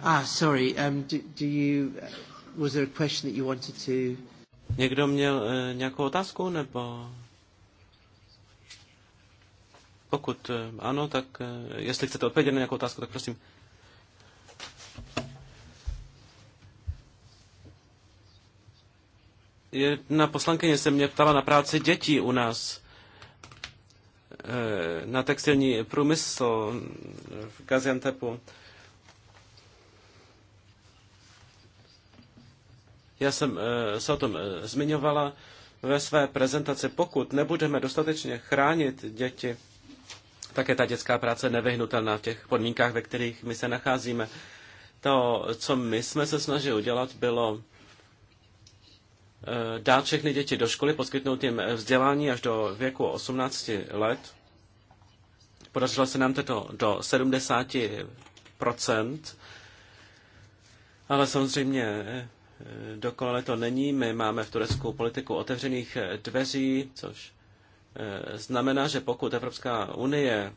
Ah, sorry. Um, do, do you, uh, was there a question that you wanted to... Někdo měl uh, nějakou otázku, nebo... Pokud uh, ano, tak uh, jestli chcete odpovědět na nějakou otázku, tak prosím. Jedna poslankyně se mě ptala na práci dětí u nás uh, na textilní průmysl v Gaziantepu. Já jsem eh, se o tom eh, zmiňovala ve své prezentaci. Pokud nebudeme dostatečně chránit děti, tak je ta dětská práce nevyhnutelná v těch podmínkách, ve kterých my se nacházíme. To, co my jsme se snažili udělat, bylo eh, dát všechny děti do školy, poskytnout jim vzdělání až do věku 18 let. Podařilo se nám to do, 70%, ale samozřejmě dokonale to není. My máme v Turecku politiku otevřených dveří, což eh, znamená, že pokud Evropská unie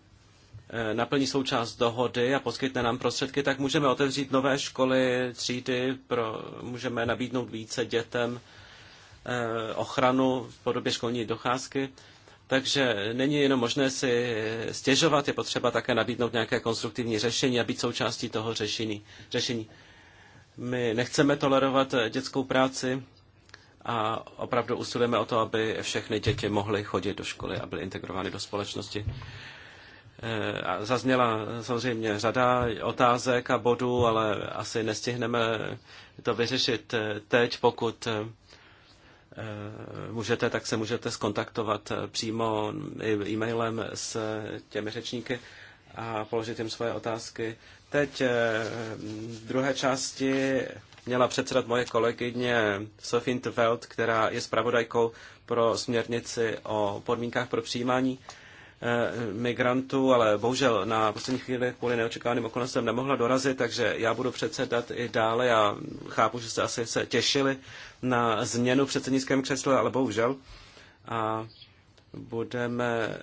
eh, naplní součást dohody a poskytne nám prostředky, tak můžeme otevřít nové školy, třídy, pro, můžeme nabídnout více dětem eh, ochranu v podobě školní docházky. Takže není jenom možné si stěžovat, je potřeba také nabídnout nějaké konstruktivní řešení a být součástí toho řešení. řešení. My nechceme tolerovat dětskou práci a opravdu usilujeme o to, aby všechny děti mohly chodit do školy a byly integrovány do společnosti. Eh, a zazněla samozřejmě řada otázek a bodů, ale asi nestihneme to vyřešit eh, teď. Pokud eh, můžete, tak se můžete skontaktovat přímo e-mailem s těmi řečníky a položit jim svoje otázky. Teď eh, v druhé části měla předsedat moje kolegyně Sofie Tveld, která je zpravodajkou pro směrnici o podmínkách pro přijímání eh, migrantů, ale bohužel na poslední chvíli kvůli neočekávaným okolnostem nemohla dorazit, takže já budu předsedat i dále. Já chápu, že jste asi se těšili na změnu v předsednickém křesle, ale bohužel. A budeme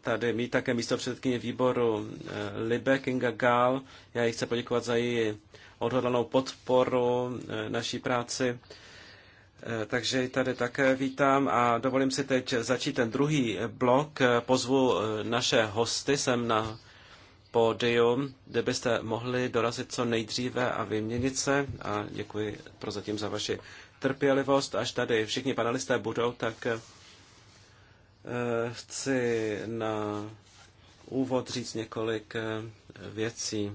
tady mít také místo předsedkyně výboru eh, Libe Kinga Gál. Já jí chci poděkovat za její odhodlanou podporu eh, naší práci. Eh, takže ji tady také vítám a dovolím si teď začít ten druhý blok. Pozvu naše hosty sem na pódium, kde byste mohli dorazit co nejdříve a vyměnit se. A děkuji prozatím za vaši trpělivost. Až tady všichni panelisté budou, tak Eh, chci na úvod říct několik eh, věcí.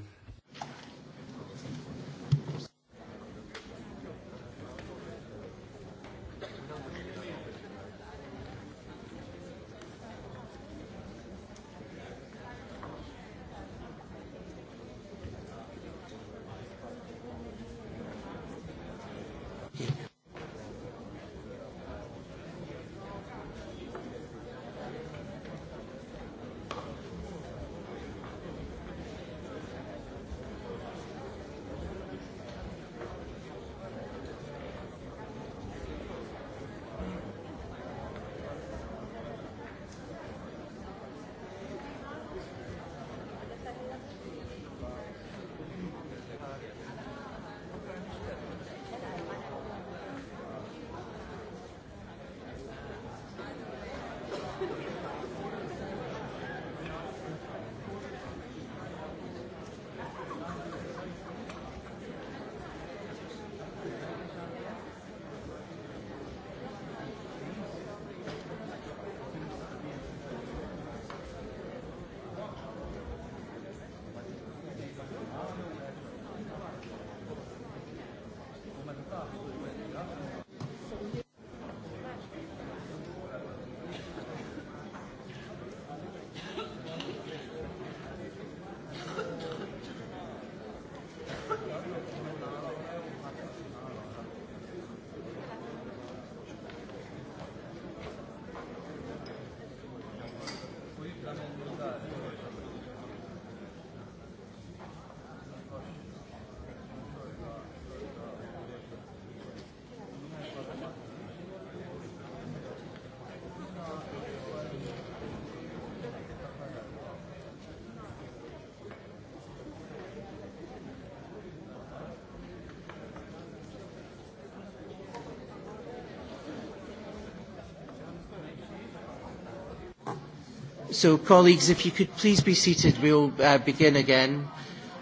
So, colleagues, if you could please be seated, we'll uh, begin again.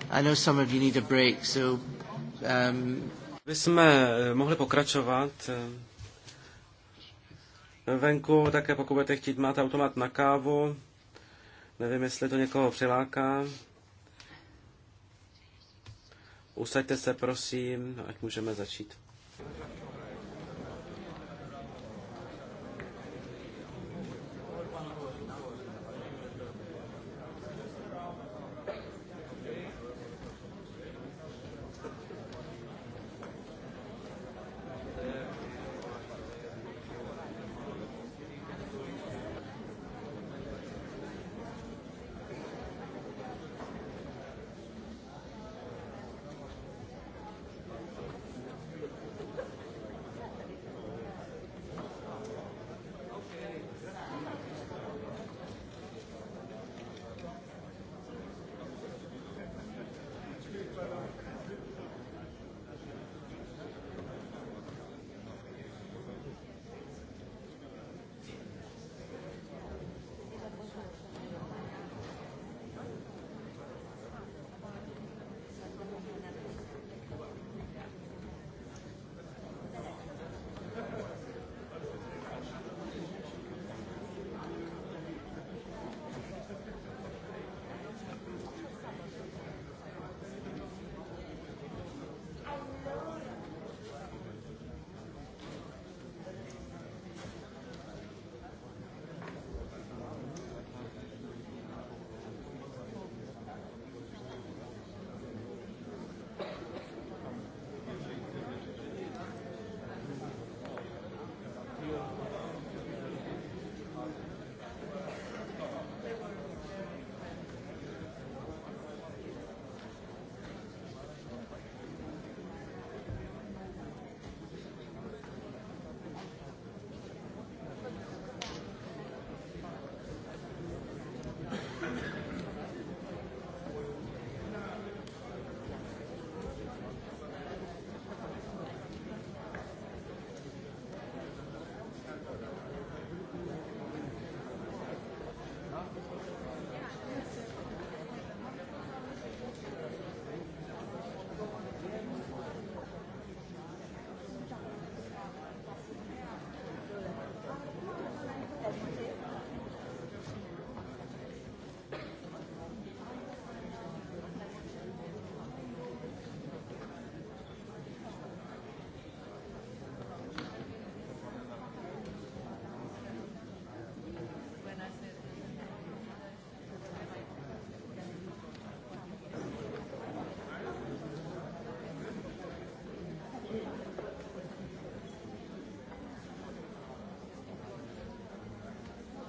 I know some of you need a break, so... Um... My jsme eh, mohli pokračovat. Eh, venku také pokud budete chtít, máte automat na kávu. Nevím, jestli to někoho přiláká. Usaďte se, prosím, ať můžeme začít.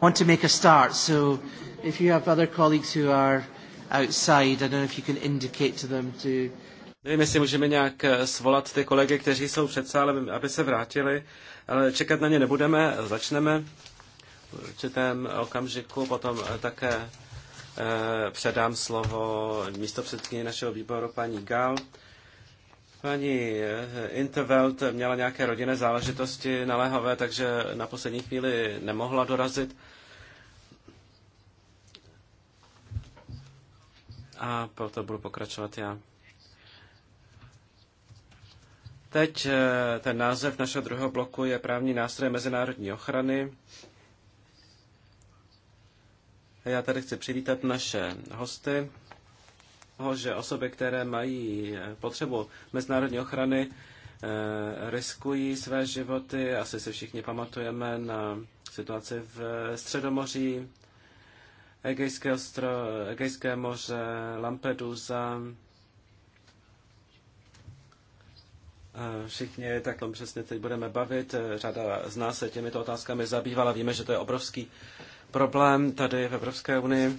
want to make a start. So if you have other colleagues who are outside, I don't know if you can indicate to them to... Nevím, jestli můžeme nějak eh, svolat ty kolegy, kteří jsou před sálem, aby se vrátili, ale čekat na ně nebudeme, začneme v určitém okamžiku, potom eh, také eh, předám slovo místopředsedkyni našeho výboru paní Gal. Paní Intervelt měla nějaké rodinné záležitosti naléhavé, takže na poslední chvíli nemohla dorazit. To budu pokračovat já. Teď eh, ten název našeho druhého bloku je právní nástroje mezinárodní ochrany. Já tady chci přivítat naše hosty, že osoby, které mají eh, potřebu mezinárodní ochrany, eh, riskují své životy. Asi si všichni pamatujeme na situaci v Středomoří, Egejské, ostro, Egejské moře, Lampedusa. Všichni tak tom přesně teď budeme bavit. Řada z nás se těmito otázkami zabývala. Víme, že to je obrovský problém tady v Evropské unii.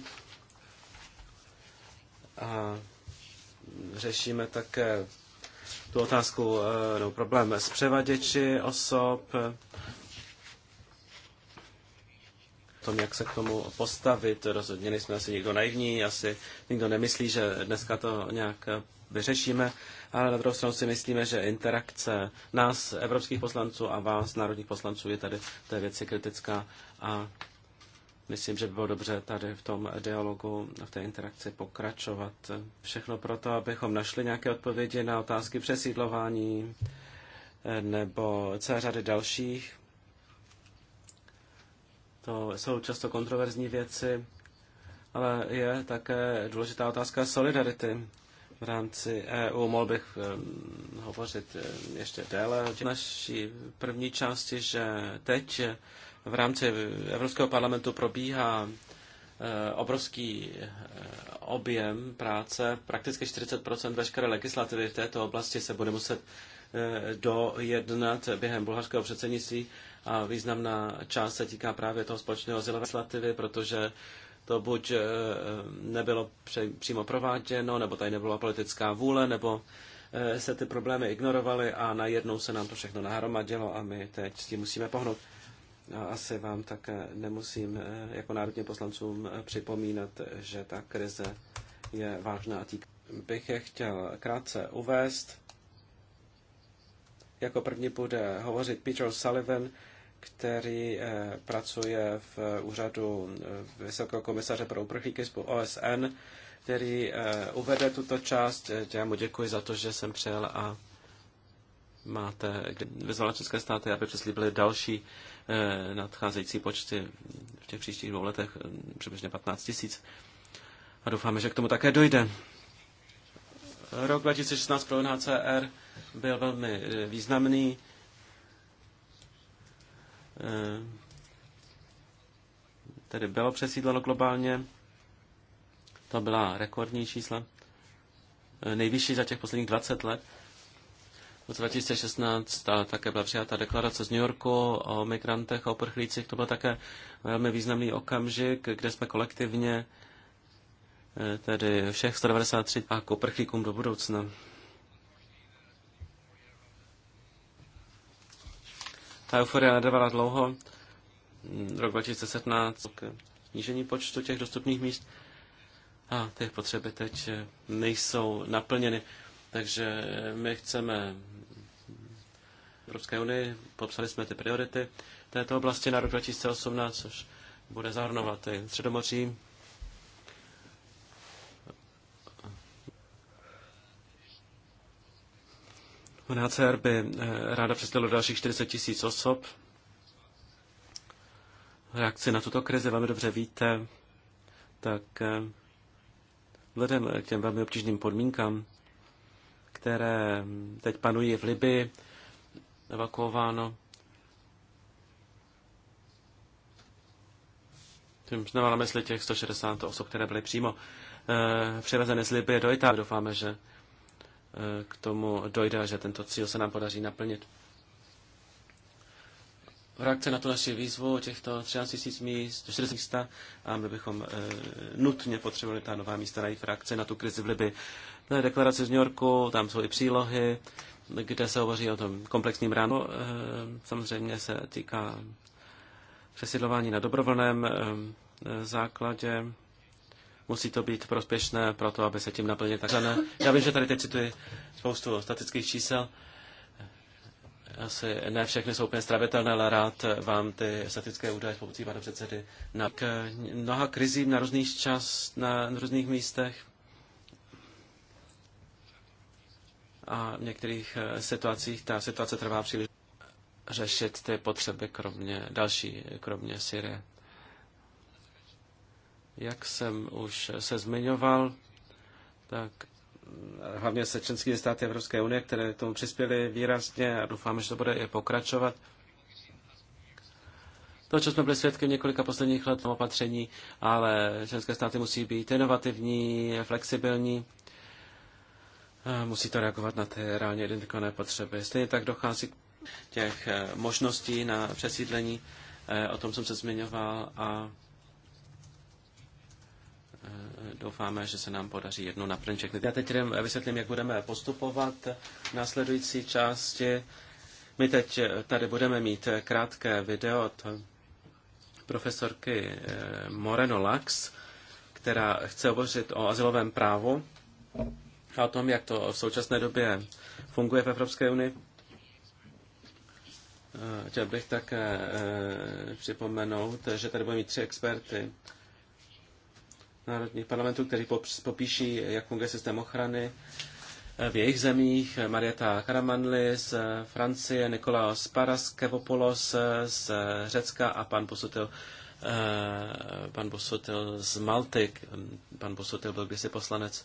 A řešíme také tu otázku, no, problém s převaděči osob, tom, jak se k tomu postavit. Rozhodně nejsme asi nikdo naivní, asi nikdo nemyslí, že dneska to nějak vyřešíme, ale na druhou stranu si myslíme, že interakce nás, evropských poslanců a vás, národních poslanců, je tady té věci kritická a myslím, že by bylo dobře tady v tom dialogu, v té interakci pokračovat. Všechno proto, abychom našli nějaké odpovědi na otázky přesídlování nebo celé řady dalších to jsou často kontroverzní věci, ale je také důležitá otázka solidarity v rámci EU. Mohl bych hovořit ještě déle o naší první části, že teď v rámci Evropského parlamentu probíhá eh, obrovský eh, objem práce. Prakticky 40 veškeré legislativy v této oblasti se bude muset Eh, dojednat během bulharského předsednictví a významná část se týká právě toho společného azylové legislativy, protože to buď eh, nebylo přímo prováděno, nebo tady nebyla politická vůle, nebo eh, se ty problémy ignorovaly a najednou se nám to všechno nahromadilo a my teď s tím musíme pohnout. A asi vám také nemusím jako národním poslancům připomínat, že ta krize je vážná a týká. Bych je chtěl krátce uvést. Jako první bude hovořit Peter Sullivan, který eh, pracuje v eh, úřadu eh, Vysokého komisaře pro uprchlíky z OSN, který uvede tuto část. Já mu děkuji za to, že jsem přijel a máte, vyzvala České státy, aby přeslíbili další nadcházející počty v těch příštích dvou letech, přibližně 15 tisíc. A doufáme, že k tomu také dojde. Rok 2016 pro NHCR byl velmi eh, významný. Eh, tedy bylo přesídleno globálně. To byla rekordní čísla. Eh, nejvyšší za těch posledních 20 let. V roce 2016 ta také byla přijata deklarace z New Yorku o migrantech a uprchlících. To byl také velmi významný okamžik, kde jsme kolektivně tedy všech 193 a k uprchlíkům do budoucna. Ta euforia nedávala dlouho. Mm, rok 2017 snížení počtu těch dostupných míst a ty potřeby teď eh, nejsou naplněny. Takže eh, my chceme mm, Evropské unii, popsali jsme ty priority této oblasti na rok 2018, což bude zahrnovat i Středomoří, UNHCR by eh, ráda přestělo dalších 40 tisíc osob. Reakci na tuto krizi velmi dobře víte, tak eh, vzhledem k těm velmi obtížným podmínkám, které teď panují v Libii, evakuováno. Tím znamená na mysli těch 160 osob, které byly přímo e, přivezeny z Libie do Itálie. Doufáme, že k tomu dojde, že tento cíl se nám podaří naplnit. V reakce na tu naši výzvu těchto 13 000 míst, 40 místa, a my bychom e, nutně potřebovali ta nová místa najít v reakci na tu krizi v Libii. Na deklaraci z New Yorku, tam jsou i přílohy, kde se hovoří o tom komplexním ránu. E, samozřejmě se týká přesidlování na dobrovolném e, základě Musí to být prospěšné pro to, aby se tím naplnili takzvané. Já vím, že tady teď cituji spoustu statických čísel. Asi ne všechny jsou úplně stravitelné, ale rád vám ty statické údaje s pomocí pana předsedy. Na k mnoha krizím na různých čas, na různých místech a v některých eh, situacích ta situace trvá příliš řešit ty potřeby kromě další, kromě Syrie. Jak jsem už se zmiňoval, tak hlavně se členské státy Evropské unie, které k tomu přispěly výrazně a doufáme, že to bude i pokračovat. To, co jsme byli svědky v několika posledních let opatření, ale členské státy musí být inovativní, flexibilní, musí to reagovat na ty reálně identifikované potřeby. Stejně tak dochází k těch eh, možností na přesídlení, eh, o tom jsem se zmiňoval a doufáme, že se nám podaří jednu naplnit všechny. Já teď jdem, vysvětlím, jak budeme postupovat v následující části. My teď tady budeme mít krátké video od profesorky eh, Moreno Lax, která chce hovořit o asilovém právu a o tom, jak to v současné době funguje v Evropské unii. Eh, chtěl bych také eh, připomenout, že tady budeme mít tři experty národních parlamentů, kteří popíší, jak funguje systém ochrany eh, v jejich zemích. Marieta Karamanli z eh, Francie, Nikolaos Paraskevopoulos eh, z Řecka a pan Posutil pan Bosotil z Malty. Pan Bosotil byl kdysi poslanec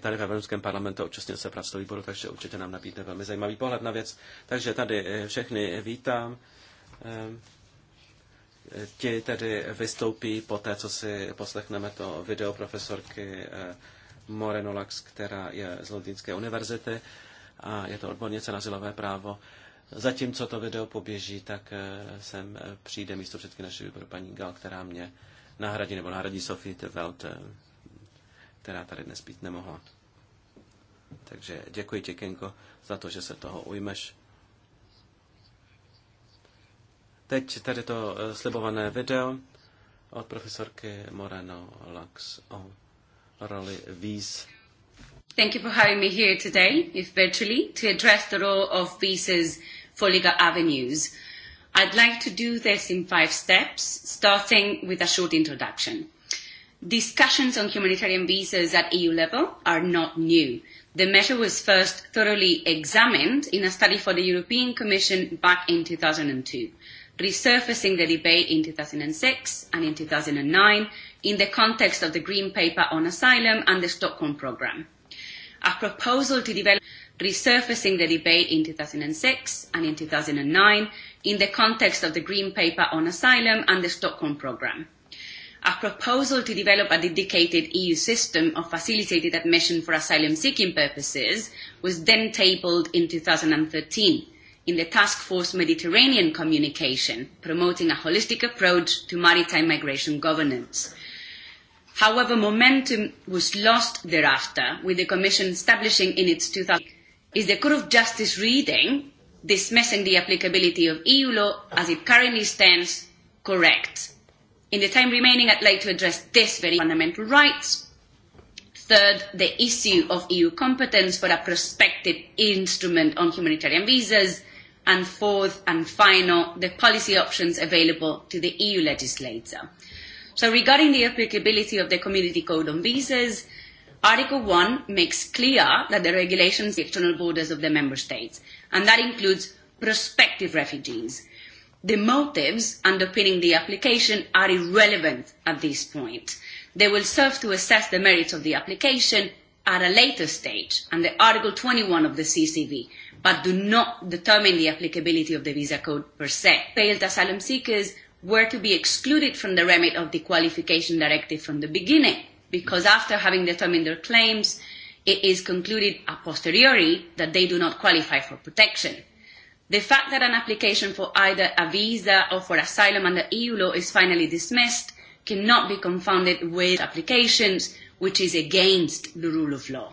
tady ve Evropském parlamentu, účastnil se pracovního výboru, takže určitě nám nabídne velmi zajímavý pohled na věc. Takže tady všechny vítám. Ti tedy vystoupí po té, co si poslechneme to video profesorky eh, Moreno Lux, která je z Londýnské univerzity a je to odbornice na zilové právo. Zatímco to video poběží, tak eh, sem eh, přijde místo předky naší výboru paní Gal, která mě nahradí, nebo nahradí Sofie Welt, která tady dnes být nemohla. Takže děkuji ti, Kenko, za to, že se toho ujmeš. Teď tady to eh, slibované video od profesorky Moreno Lux o roli víz. Thank you for having me here today, if virtually, to address the role of visas for legal avenues. I'd like to do this in five steps, starting with a short introduction. Discussions on humanitarian visas at EU level are not new. The measure was first thoroughly examined in a study for the European Commission back in 2002 resurfacing the debate in 2006 and in 2009 in the context of the Green Paper on Asylum and the Stockholm Programme. A proposal to develop resurfacing the debate in 2006 and in 2009 in the context of the Green Paper on Asylum and the Stockholm Programme. A proposal to develop a dedicated EU system of facilitated admission for asylum seeking purposes was then tabled in 2013 in the Task Force Mediterranean communication, promoting a holistic approach to maritime migration governance. However, momentum was lost thereafter, with the Commission establishing in its 2000 is the Court of Justice reading dismissing the applicability of EU law as it currently stands correct. In the time remaining, I'd like to address this very fundamental rights. Third, the issue of EU competence for a prospective instrument on humanitarian visas and fourth and final, the policy options available to the EU legislator. So regarding the applicability of the Community Code on Visas, Article 1 makes clear that the regulations the external borders of the member states, and that includes prospective refugees. The motives underpinning the application are irrelevant at this point. They will serve to assess the merits of the application at a later stage under Article 21 of the CCV, but do not determine the applicability of the visa code per se. Failed asylum seekers were to be excluded from the remit of the qualification directive from the beginning, because after having determined their claims, it is concluded a posteriori that they do not qualify for protection. The fact that an application for either a visa or for asylum under EU law is finally dismissed cannot be confounded with applications which is against the rule of law.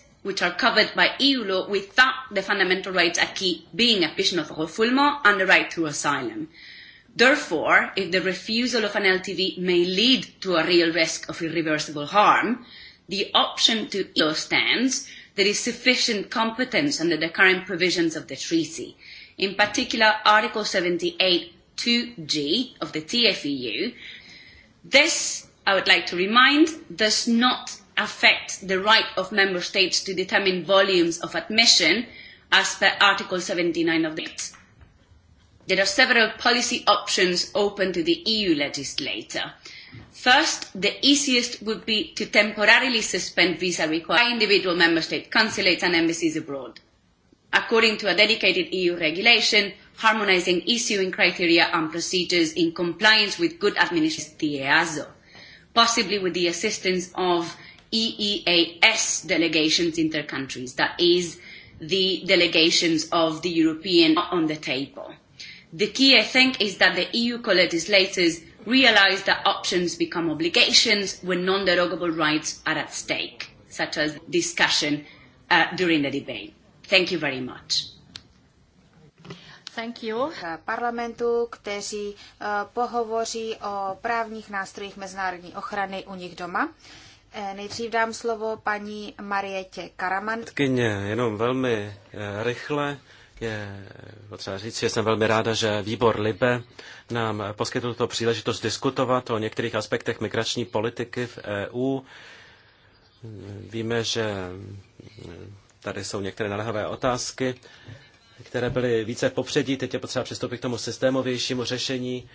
which are covered by EU law without the fundamental rights acquis being a petition of refoulement and the right to asylum. Therefore, if the refusal of an LTV may lead to a real risk of irreversible harm, the option to EU stands there is sufficient competence under the current provisions of the treaty. In particular, Article 78 2G of the TFEU. This, I would like to remind, does not affect the right of member states to determine volumes of admission as per Article 79 of the Act. There are several policy options open to the EU legislator. First, the easiest would be to temporarily suspend visa requirements by individual member state consulates and embassies abroad. According to a dedicated EU regulation, harmonising issuing criteria and procedures in compliance with good administration, the EASO, possibly with the assistance of EEAS delegations inter countries, that is the delegations of the European on the table. The key, I think, is that the EU co-legislators realise that options become obligations when non-derogable rights are at stake, such as discussion uh, during the debate. Thank you very much. Thank you. Parlamentu, kteří uh, pohovoří o právních nástrojích mezinárodní ochrany u nich doma. Eh, nejdřív dám slovo paní Marietě Karaman. Tkyně, jenom velmi eh, rychle je potřeba říct, že jsem velmi ráda, že výbor Libe nám poskytl tuto příležitost diskutovat o některých aspektech migrační politiky v EU. Víme, že eh, tady jsou některé naléhavé otázky, které byly více v popředí. Teď je potřeba přistoupit k tomu systémovějšímu řešení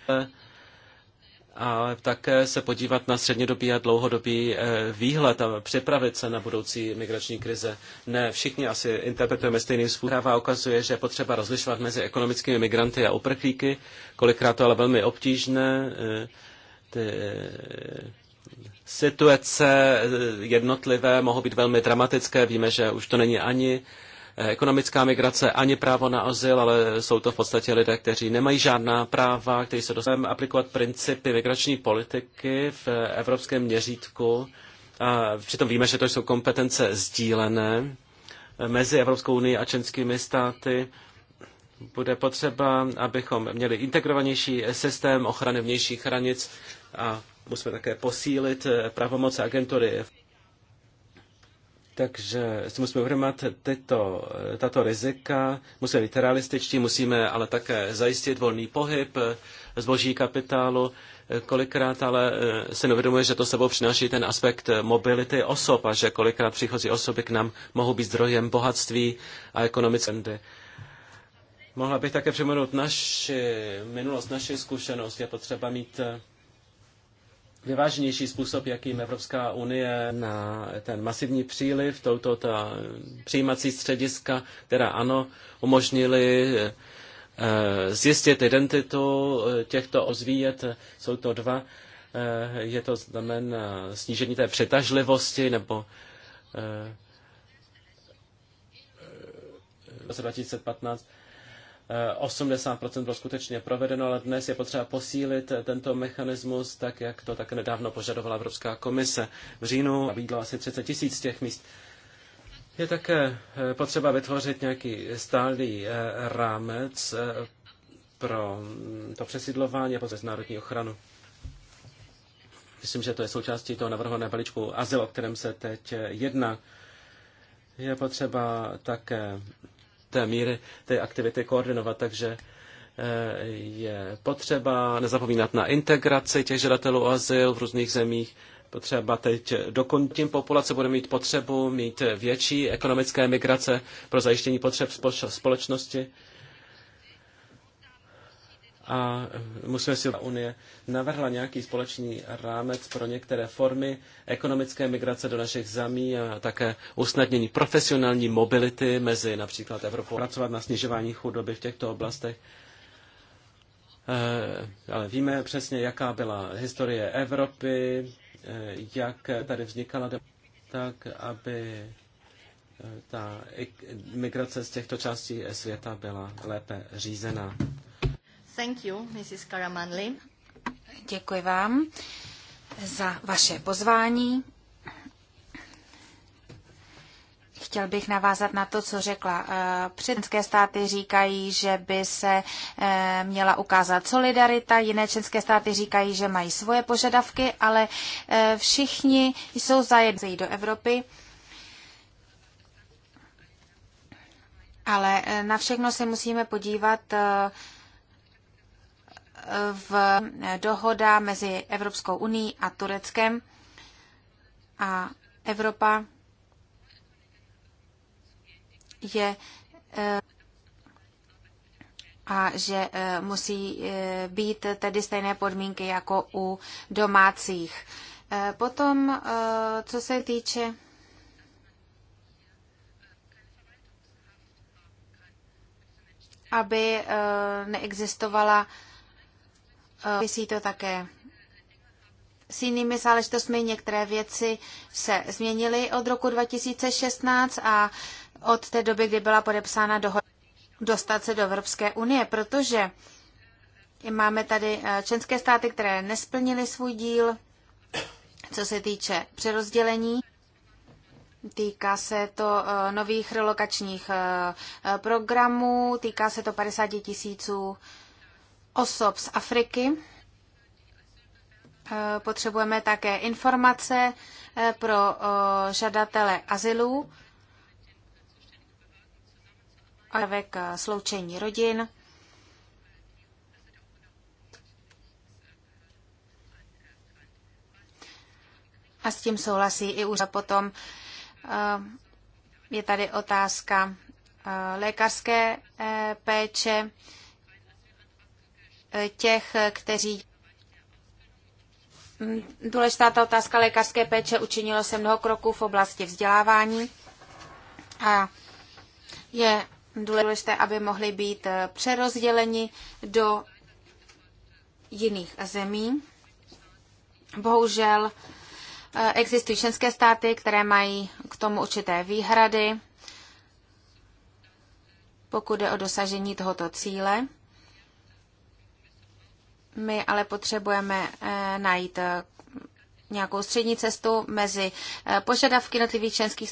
a také se podívat na střednědobý a dlouhodobý eh, výhled a připravit se na budoucí migrační krize. Ne, všichni asi interpretujeme stejným způsobem a ukazuje, že je potřeba rozlišovat mezi ekonomickými migranty a uprchlíky, kolikrát to ale velmi obtížné. Eh, ty eh, situace jednotlivé mohou být velmi dramatické, víme, že už to není ani Eh, ekonomická migrace ani právo na azyl, ale jsou to v podstatě lidé, kteří nemají žádná práva, kteří se dostávají aplikovat principy migrační politiky v evropském měřítku. A přitom víme, že to jsou kompetence sdílené mezi Evropskou unii a členskými státy bude potřeba, abychom měli integrovanější systém ochrany vnějších hranic a musíme také posílit eh, pravomoce agentury. Takže si musíme uvědomit tato rizika, musíme být realističtí, musíme ale také zajistit volný pohyb zboží kapitálu, kolikrát ale eh, se neuvědomuje, že to sebou přináší ten aspekt mobility osob a že kolikrát příchozí osoby k nám mohou být zdrojem bohatství a ekonomické trendy. Mohla bych také přemenout naši minulost, naši zkušenost. Je potřeba mít eh, vyváženější způsob, jakým Evropská unie na ten masivní příliv, touto ta přijímací střediska, která ano, umožnili eh, zjistit identitu eh, těchto ozvíjet, eh, jsou to dva, je to znamená snížení té přetažlivosti nebo v roce 2015 80% bylo skutečně provedeno, ale dnes je potřeba posílit tento mechanismus, tak jak to tak nedávno požadovala Evropská komise. V říjnu Nabídlo asi 30 tisíc těch míst. Je také eh, potřeba vytvořit nějaký stálý eh, rámec eh, pro to přesídlování a pro národní ochranu. Myslím, že to je součástí toho navrhovaného balíčku azyl, o kterém se teď jedná. Je potřeba také té míry té aktivity koordinovat, takže eh, je potřeba nezapomínat na integraci těch žadatelů o azyl v různých zemích. Potřeba teď dokončit populace bude mít potřebu mít větší ekonomické migrace pro zajištění potřeb společnosti a musíme si unie navrhla nějaký společný rámec pro některé formy ekonomické migrace do našich zemí a také usnadnění profesionální mobility mezi například Evropou. Pracovat na snižování chudoby v těchto oblastech. Eh, ale víme přesně, jaká byla historie Evropy, eh, jak tady vznikala tak, aby eh, ta migrace z těchto částí světa byla lépe řízená. Thank you, Mrs. Karamanli. Děkuji vám za vaše pozvání. Chtěl bych navázat na to, co řekla. Eh, Předské státy říkají, že by se eh, měla ukázat solidarita, jiné české státy říkají, že mají svoje požadavky, ale eh, všichni jsou zajedni do Evropy. Ale na všechno se musíme podívat v dohoda mezi Evropskou unii a Tureckem a Evropa je eh, a že eh, musí eh, být tedy stejné podmínky jako u domácích. Potom, co se týče aby neexistovala Vysí to také s jinými záležitostmi. Některé věci se změnily od roku 2016 a od té doby, kdy byla podepsána dohoda dostat se do Evropské unie, protože máme tady eh, členské státy, které nesplnily svůj díl, co se týče přerozdělení. Týká se to eh, nových relokačních eh, programů, týká se to 50 tisíců 000 osob z Afriky. Eh, potřebujeme také informace eh, pro eh, žadatele azylů, k sloučení rodin. A s tím souhlasí i úřad. Potom je tady otázka lékařské péče těch, kteří Důležitá ta otázka lékařské péče učinilo se mnoho kroků v oblasti vzdělávání a je důležité, aby mohli být přerozděleni do jiných zemí. Bohužel eh, existují členské státy, které mají k tomu určité výhrady, pokud je o dosažení tohoto cíle. My ale potřebujeme eh, najít eh, nějakou střední cestu mezi eh, požadavky jednotlivých členských